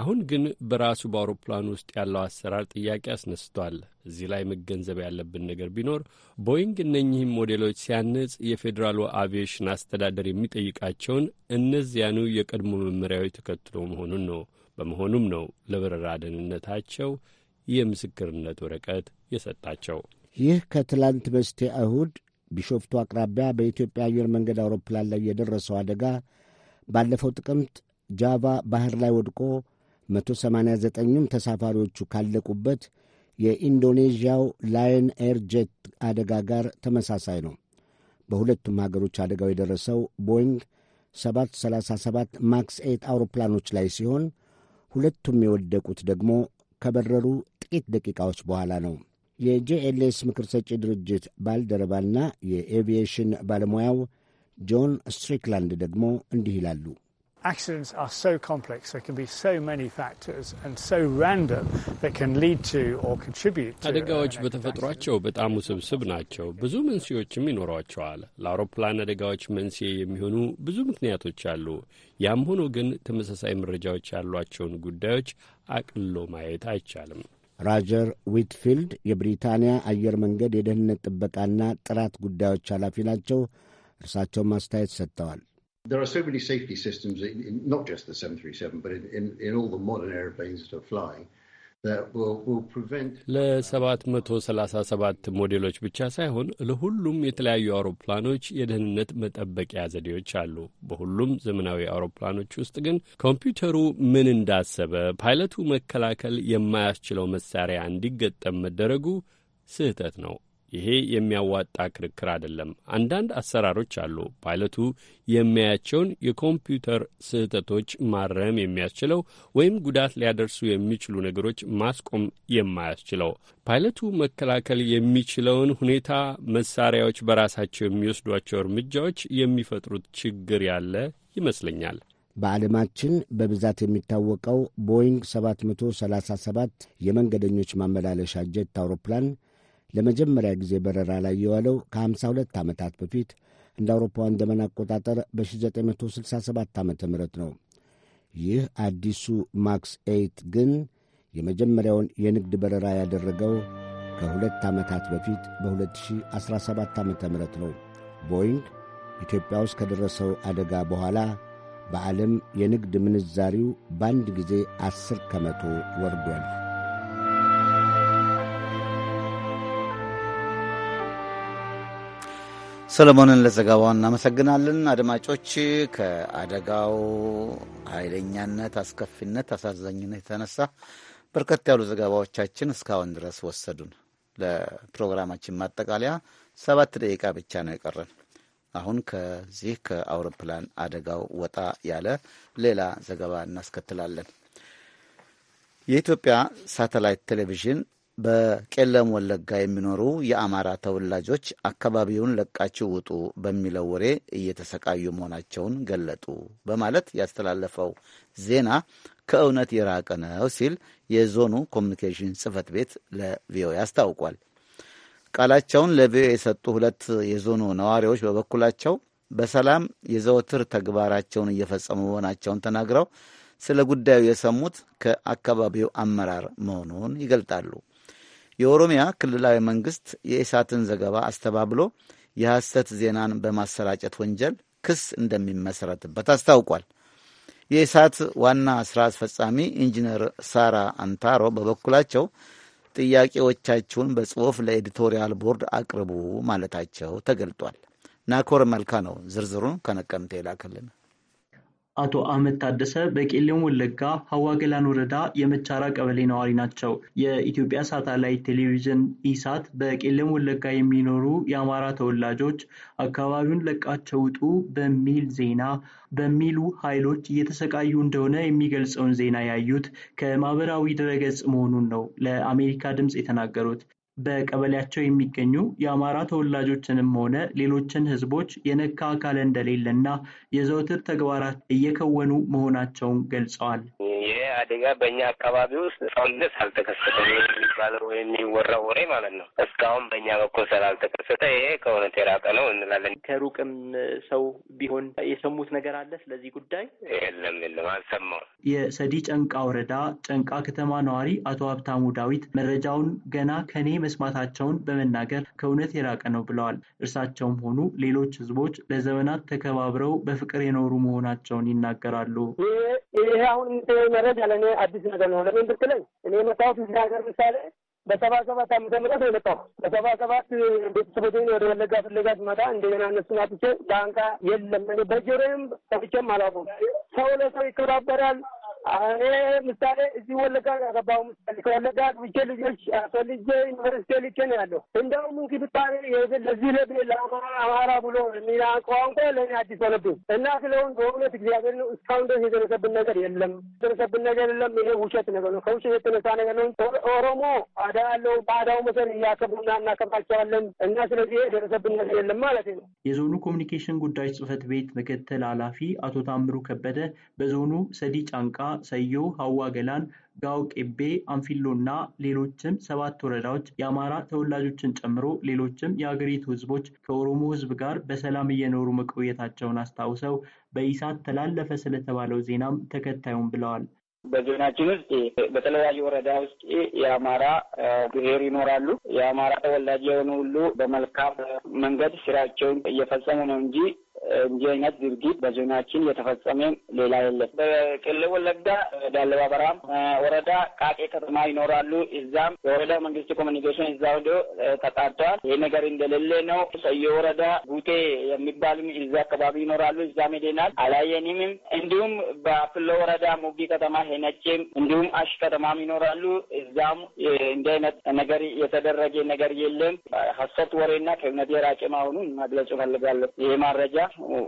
አሁን ግን በራሱ በአውሮፕላን ውስጥ ያለው አሰራር ጥያቄ አስነስቷል። እዚህ ላይ መገንዘብ ያለብን ነገር ቢኖር ቦይንግ እነኚህም ሞዴሎች ሲያንጽ የፌዴራሉ አቪዬሽን አስተዳደር የሚጠይቃቸውን እነዚያኑ የቀድሞ መመሪያዎች ተከትሎ መሆኑን ነው። በመሆኑም ነው ለበረራ ደህንነታቸው የምስክርነት ወረቀት የሰጣቸው። ይህ ከትላንት በስቴ እሁድ ቢሾፍቱ አቅራቢያ በኢትዮጵያ አየር መንገድ አውሮፕላን ላይ የደረሰው አደጋ ባለፈው ጥቅምት ጃቫ ባህር ላይ ወድቆ 189ኙም ተሳፋሪዎቹ ካለቁበት የኢንዶኔዥያው ላየን ኤርጄት አደጋ ጋር ተመሳሳይ ነው። በሁለቱም ሀገሮች አደጋው የደረሰው ቦይንግ 737 ማክስ 8 አውሮፕላኖች ላይ ሲሆን ሁለቱም የወደቁት ደግሞ ከበረሩ ጥቂት ደቂቃዎች በኋላ ነው። የጄኤልኤስ ምክር ሰጪ ድርጅት ባልደረባና የኤቪዬሽን ባለሙያው ጆን ስትሪክላንድ ደግሞ እንዲህ ይላሉ። Accidents are so complex, there can be so many factors and so random that can lead to or contribute to አደጋዎች በተፈጥሯቸው በጣም ውስብስብ ናቸው። ብዙ መንስኤዎችም ይኖሯቸዋል። ለአውሮፕላን አደጋዎች መንስኤ የሚሆኑ ብዙ ምክንያቶች አሉ። ያም ሆኖ ግን ተመሳሳይ መረጃዎች ያሏቸውን ጉዳዮች አቅልሎ ማየት አይቻልም። ሮጀር ዊትፊልድ የብሪታንያ አየር መንገድ የደህንነት ጥበቃና ጥራት ጉዳዮች ኃላፊ ናቸው። እርሳቸውም አስተያየት ሰጥተዋል። There are so many safety systems, in, in, not just the 737, but in, in in all the modern airplanes that are flying. ለ737 ሞዴሎች ብቻ ሳይሆን ለሁሉም የተለያዩ አውሮፕላኖች የደህንነት መጠበቂያ ዘዴዎች አሉ። በሁሉም ዘመናዊ አውሮፕላኖች ውስጥ ግን ኮምፒውተሩ ምን እንዳሰበ ፓይለቱ መከላከል የማያስችለው መሳሪያ እንዲገጠም መደረጉ ስህተት ነው። ይሄ የሚያዋጣ ክርክር አይደለም። አንዳንድ አሰራሮች አሉ። ፓይለቱ የሚያያቸውን የኮምፒውተር ስህተቶች ማረም የሚያስችለው ወይም ጉዳት ሊያደርሱ የሚችሉ ነገሮች ማስቆም የማያስችለው ፓይለቱ መከላከል የሚችለውን ሁኔታ መሳሪያዎች በራሳቸው የሚወስዷቸው እርምጃዎች የሚፈጥሩት ችግር ያለ ይመስለኛል። በዓለማችን በብዛት የሚታወቀው ቦይንግ 737 የመንገደኞች ማመላለሻ ጀት አውሮፕላን ለመጀመሪያ ጊዜ በረራ ላይ የዋለው ከ52 ዓመታት በፊት እንደ አውሮፓውያን ዘመን አቆጣጠር በ1967 ዓ ም ነው። ይህ አዲሱ ማክስ ኤይት ግን የመጀመሪያውን የንግድ በረራ ያደረገው ከሁለት ዓመታት በፊት በ2017 ዓ ም ነው። ቦይንግ ኢትዮጵያ ውስጥ ከደረሰው አደጋ በኋላ በዓለም የንግድ ምንዛሪው በአንድ ጊዜ ዐሥር ከመቶ ወርዷል። ሰለሞንን ለዘገባው እናመሰግናለን። አድማጮች ከአደጋው ኃይለኛነት፣ አስከፊነት፣ አሳዛኝነት የተነሳ በርከት ያሉ ዘገባዎቻችን እስካሁን ድረስ ወሰዱን። ለፕሮግራማችን ማጠቃለያ ሰባት ደቂቃ ብቻ ነው የቀረን። አሁን ከዚህ ከአውሮፕላን አደጋው ወጣ ያለ ሌላ ዘገባ እናስከትላለን። የኢትዮጵያ ሳተላይት ቴሌቪዥን በቄለም ወለጋ የሚኖሩ የአማራ ተወላጆች አካባቢውን ለቃችሁ ውጡ በሚለው ወሬ እየተሰቃዩ መሆናቸውን ገለጡ በማለት ያስተላለፈው ዜና ከእውነት የራቀ ነው ሲል የዞኑ ኮሚኒኬሽን ጽህፈት ቤት ለቪኦኤ አስታውቋል። ቃላቸውን ለቪኦኤ የሰጡ ሁለት የዞኑ ነዋሪዎች በበኩላቸው በሰላም የዘወትር ተግባራቸውን እየፈጸሙ መሆናቸውን ተናግረው ስለ ጉዳዩ የሰሙት ከአካባቢው አመራር መሆኑን ይገልጣሉ። የኦሮሚያ ክልላዊ መንግስት የኢሳትን ዘገባ አስተባብሎ የሐሰት ዜናን በማሰራጨት ወንጀል ክስ እንደሚመሰረትበት አስታውቋል። የኢሳት ዋና ሥራ አስፈጻሚ ኢንጂነር ሳራ አንታሮ በበኩላቸው ጥያቄዎቻችሁን በጽሑፍ ለኤዲቶሪያል ቦርድ አቅርቡ ማለታቸው ተገልጧል። ናኮር መልካ ነው ዝርዝሩን ከነቀምቴ ላከልን። አቶ አህመድ ታደሰ በቄለም ወለጋ ሀዋ ገላን ወረዳ የመቻራ ቀበሌ ነዋሪ ናቸው። የኢትዮጵያ ሳተላይት ቴሌቪዥን ኢሳት በቄለም ወለጋ የሚኖሩ የአማራ ተወላጆች አካባቢውን ለቃቸው ውጡ በሚል ዜና በሚሉ ኃይሎች እየተሰቃዩ እንደሆነ የሚገልጸውን ዜና ያዩት ከማህበራዊ ድረገጽ መሆኑን ነው ለአሜሪካ ድምፅ የተናገሩት። በቀበሌያቸው የሚገኙ የአማራ ተወላጆችንም ሆነ ሌሎችን ህዝቦች የነካ አካል እንደሌለና የዘውትር ተግባራት እየከወኑ መሆናቸውን ገልጸዋል። ይሄ አደጋ በእኛ አካባቢ ውስጥ እስካሁንስ አልተከሰተም የሚባለው የሚወራው ወሬ ማለት ነው። እስካሁን በእኛ በኩል ስላልተከሰተ ይሄ ከእውነት የራቀ ነው እንላለን። ከሩቅም ሰው ቢሆን የሰሙት ነገር አለ ስለዚህ ጉዳይ የለም የለም አልሰማው። የሰዲ ጨንቃ ወረዳ ጨንቃ ከተማ ነዋሪ አቶ ሀብታሙ ዳዊት መረጃውን ገና ከኔ መስማታቸውን በመናገር ከእውነት የራቀ ነው ብለዋል። እርሳቸውም ሆኑ ሌሎች ህዝቦች ለዘመናት ተከባብረው በፍቅር የኖሩ መሆናቸውን ይናገራሉ። ይሄ አሁን መረጃ ለእኔ አዲስ ነገር ነው። ለምን ብትለኝ እኔ የመጣሁት እዚህ ሀገር ምሳሌ በሰባ ሰባት ዓመተ ምህረት ነው የመጣሁ። በሰባ ሰባት ቤተሰቦቼን ወደ ወለጋ ፍለጋ ሲመጣ እንደገና እነሱን አጥቼ ዳንካ የለም። በጆሮዬም ሰምቼም አላውቅም። ሰው ለሰው ይከባበራል። እኔ ምሳሌ እዚህ ወለጋ ገባሁ። ምሳሌ ከወለጋ ግብቼ ልጆች አስወልጄ ዩኒቨርሲቲ ልኬ ነው ያለው። እንደውም እንክብካቤ ለዚህ ለብ አማራ ብሎ የሚና ቋንቋ ለእኔ አዲስ ሆነብኝ እና ስለሆን በእውነት እግዚአብሔር ነው እስካሁን ድረስ የደረሰብን ነገር የለም። የደረሰብን ነገር የለም። ይሄ ውሸት ነገር ነው። ከውሸት የተነሳ ነገር ነው። ኦሮሞ አዳ ያለው በአዳው መሰል እያከብሩና እናከብራቸዋለን እና ስለዚህ የደረሰብን ነገር የለም ማለት ነው። የዞኑ ኮሚኒኬሽን ጉዳዮች ጽህፈት ቤት ምክትል ኃላፊ አቶ ታምሩ ከበደ በዞኑ ሰዲ ጫንቃ ሰዮ፣ ሀዋ ገላን፣ ጋው ቄቤ፣ እና ሌሎችም ሰባት ወረዳዎች የአማራ ተወላጆችን ጨምሮ ሌሎችም የአገሪቱ ህዝቦች ከኦሮሞ ህዝብ ጋር በሰላም እየኖሩ መቆየታቸውን አስታውሰው በኢሳት ተላለፈ ስለተባለው ዜናም ተከታዩም ብለዋል። በዞናችን ውስጥ በተለያዩ ወረዳ ውስጥ የአማራ ብሔር ይኖራሉ። የአማራ ተወላጅ የሆኑ ሁሉ በመልካም መንገድ ስራቸውን እየፈጸሙ ነው እንጂ እንዲህ አይነት ድርጊት በዞናችን የተፈጸመ ሌላ የለም። በቄሌ ወለጋ ዳለባ በራም ወረዳ ቃቄ ከተማ ይኖራሉ። እዛም የወረዳ መንግስት ኮሚኒኬሽን እዛ ወደ ተጣርተዋል። ይህ ነገር እንደሌለ ነው። ሰየ ወረዳ ቡቴ የሚባልም እዛ አካባቢ ይኖራሉ። እዛም ሄደናል፣ አላየንም። እንዲሁም በፍሎ ወረዳ ሙጊ ከተማ ሄነችም፣ እንዲሁም አሽ ከተማም ይኖራሉ። እዛም እንዲህ አይነት ነገር የተደረገ ነገር የለም። ሀሰት ወሬና ከእውነት የራቀ መሆኑን መግለጽ እፈልጋለሁ። ይሄ ማረጃ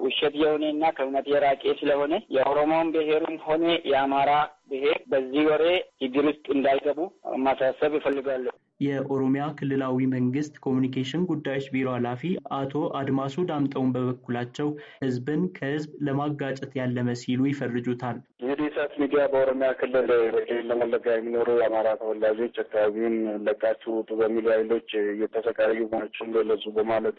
ውሸት የሆነና ከእውነት የራቄ ስለሆነ የኦሮሞን ብሔርም ሆነ የአማራ ብሔር በዚህ ወሬ ችግር ውስጥ እንዳይገቡ ማሳሰብ ይፈልጋለሁ። የኦሮሚያ ክልላዊ መንግስት ኮሚኒኬሽን ጉዳዮች ቢሮ ኃላፊ አቶ አድማሱ ዳምጠውን በበኩላቸው ህዝብን ከህዝብ ለማጋጨት ያለመ ሲሉ ይፈርጁታል። እንግዲህ ሚዲያ በኦሮሚያ ክልል ለመለጋ የሚኖሩ የአማራ ተወላጆች አካባቢውን ለቃችሁ ውጡ በሚሉ ኃይሎች እየተሰቃዩ መሆናቸውን ገለጹ በማለት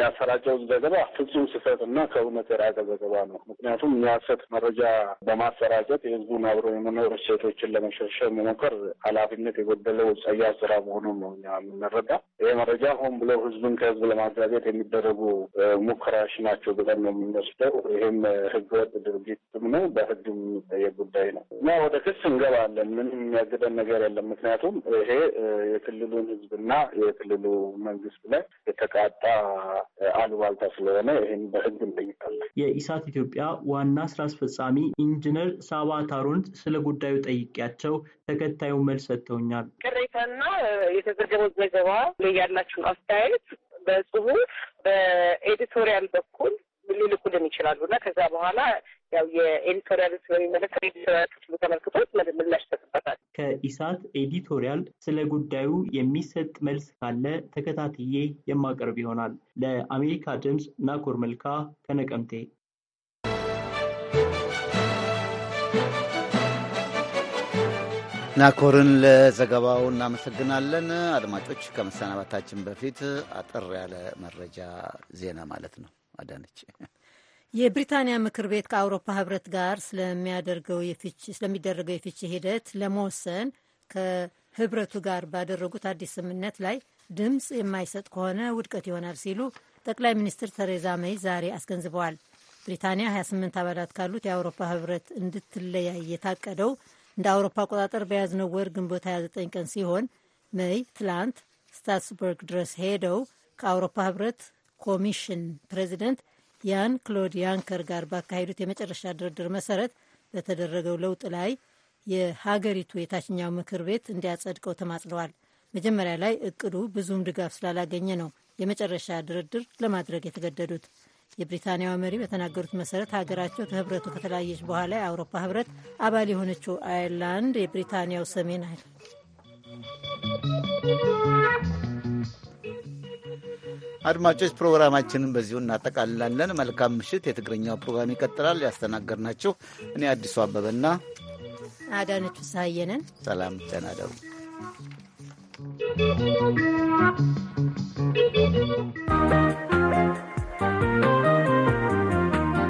ያሰራጨውን ዘገባ ፍጹም ስህተት እና ከእውነት የራቀ ዘገባ ነው። ምክንያቱም የሀሰት መረጃ በማሰራጨት የህዝቡን አብሮ የመኖር እሴቶችን ለመሸርሸር መሞከር ኃላፊነት የጎደለው ጸያፍ ስራ መሆኑን ነው እኛ የምንረዳው። ይህ መረጃ ሆን ብለው ህዝብን ከህዝብ ለማዘጋጀት የሚደረጉ ሙከራዎች ናቸው ብለን ነው የምንወስደው። ይህም ህገወጥ ድርጊትም ነው፣ በህግ የሚጠየቅ ጉዳይ ነው እና ወደ ክስ እንገባለን። ምንም የሚያግደን ነገር የለም። ምክንያቱም ይሄ የክልሉን ህዝብና የክልሉ መንግስት ላይ የተቃጣ አሉባልታ ስለሆነ ይህን በህግ እንጠይቃለን። የኢሳት ኢትዮጵያ ዋና ስራ አስፈጻሚ ኢንጂነር ሳባ ታሮንት ስለ ጉዳዩ ጠይቄያቸው ተከታዩ መልስ ሰጥተውኛል። ቅሬታና የተዘገበው ዘገባ ላይ ያላችሁን አስተያየት በጽሁፍ በኤዲቶሪያል በኩል ሊልኩልን ይችላሉ እና ከዛ በኋላ ያው የኤዲቶሪያል ስለሚመለከት ኤዲቶሪያል ክፍሉ ተመልክቶ ምላሽ ይሰጥበታል። ከኢሳት ኤዲቶሪያል ስለ ጉዳዩ የሚሰጥ መልስ ካለ ተከታትዬ የማቀርብ ይሆናል። ለአሜሪካ ድምፅ ናኮር መልካ ከነቀምቴ ናኮርን ለዘገባው እናመሰግናለን። አድማጮች ከመሰናባታችን በፊት አጠር ያለ መረጃ ዜና ማለት ነው። አዳነች የብሪታንያ ምክር ቤት ከአውሮፓ ህብረት ጋር ስለሚያደርገው ስለሚደረገው የፍቺ ሂደት ለመወሰን ከህብረቱ ጋር ባደረጉት አዲስ ስምምነት ላይ ድምፅ የማይሰጥ ከሆነ ውድቀት ይሆናል ሲሉ ጠቅላይ ሚኒስትር ተሬዛ መይ ዛሬ አስገንዝበዋል። ብሪታንያ 28 አባላት ካሉት የአውሮፓ ህብረት እንድትለያይ የታቀደው እንደ አውሮፓ አቆጣጠር በያዝነው ወር ግንቦት 29 ቀን ሲሆን መይ ትላንት ስታትስበርግ ድረስ ሄደው ከአውሮፓ ህብረት ኮሚሽን ፕሬዚደንት ያን ክሎድ ያንከር ጋር ባካሄዱት የመጨረሻ ድርድር መሰረት በተደረገው ለውጥ ላይ የሀገሪቱ የታችኛው ምክር ቤት እንዲያጸድቀው ተማጽነዋል። መጀመሪያ ላይ እቅዱ ብዙም ድጋፍ ስላላገኘ ነው የመጨረሻ ድርድር ለማድረግ የተገደዱት። የብሪታንያው መሪ በተናገሩት መሰረት ሀገራቸው ከህብረቱ ከተለያየች በኋላ የአውሮፓ ህብረት አባል የሆነችው አየርላንድ የብሪታንያው ሰሜን አይል አድማጮች ፕሮግራማችንን በዚሁ እናጠቃልላለን። መልካም ምሽት። የትግርኛው ፕሮግራም ይቀጥላል። ናችሁ እኔ አዲሱ አበበና አዳነች ሳየነን። ሰላም ደህና ደሩ። you.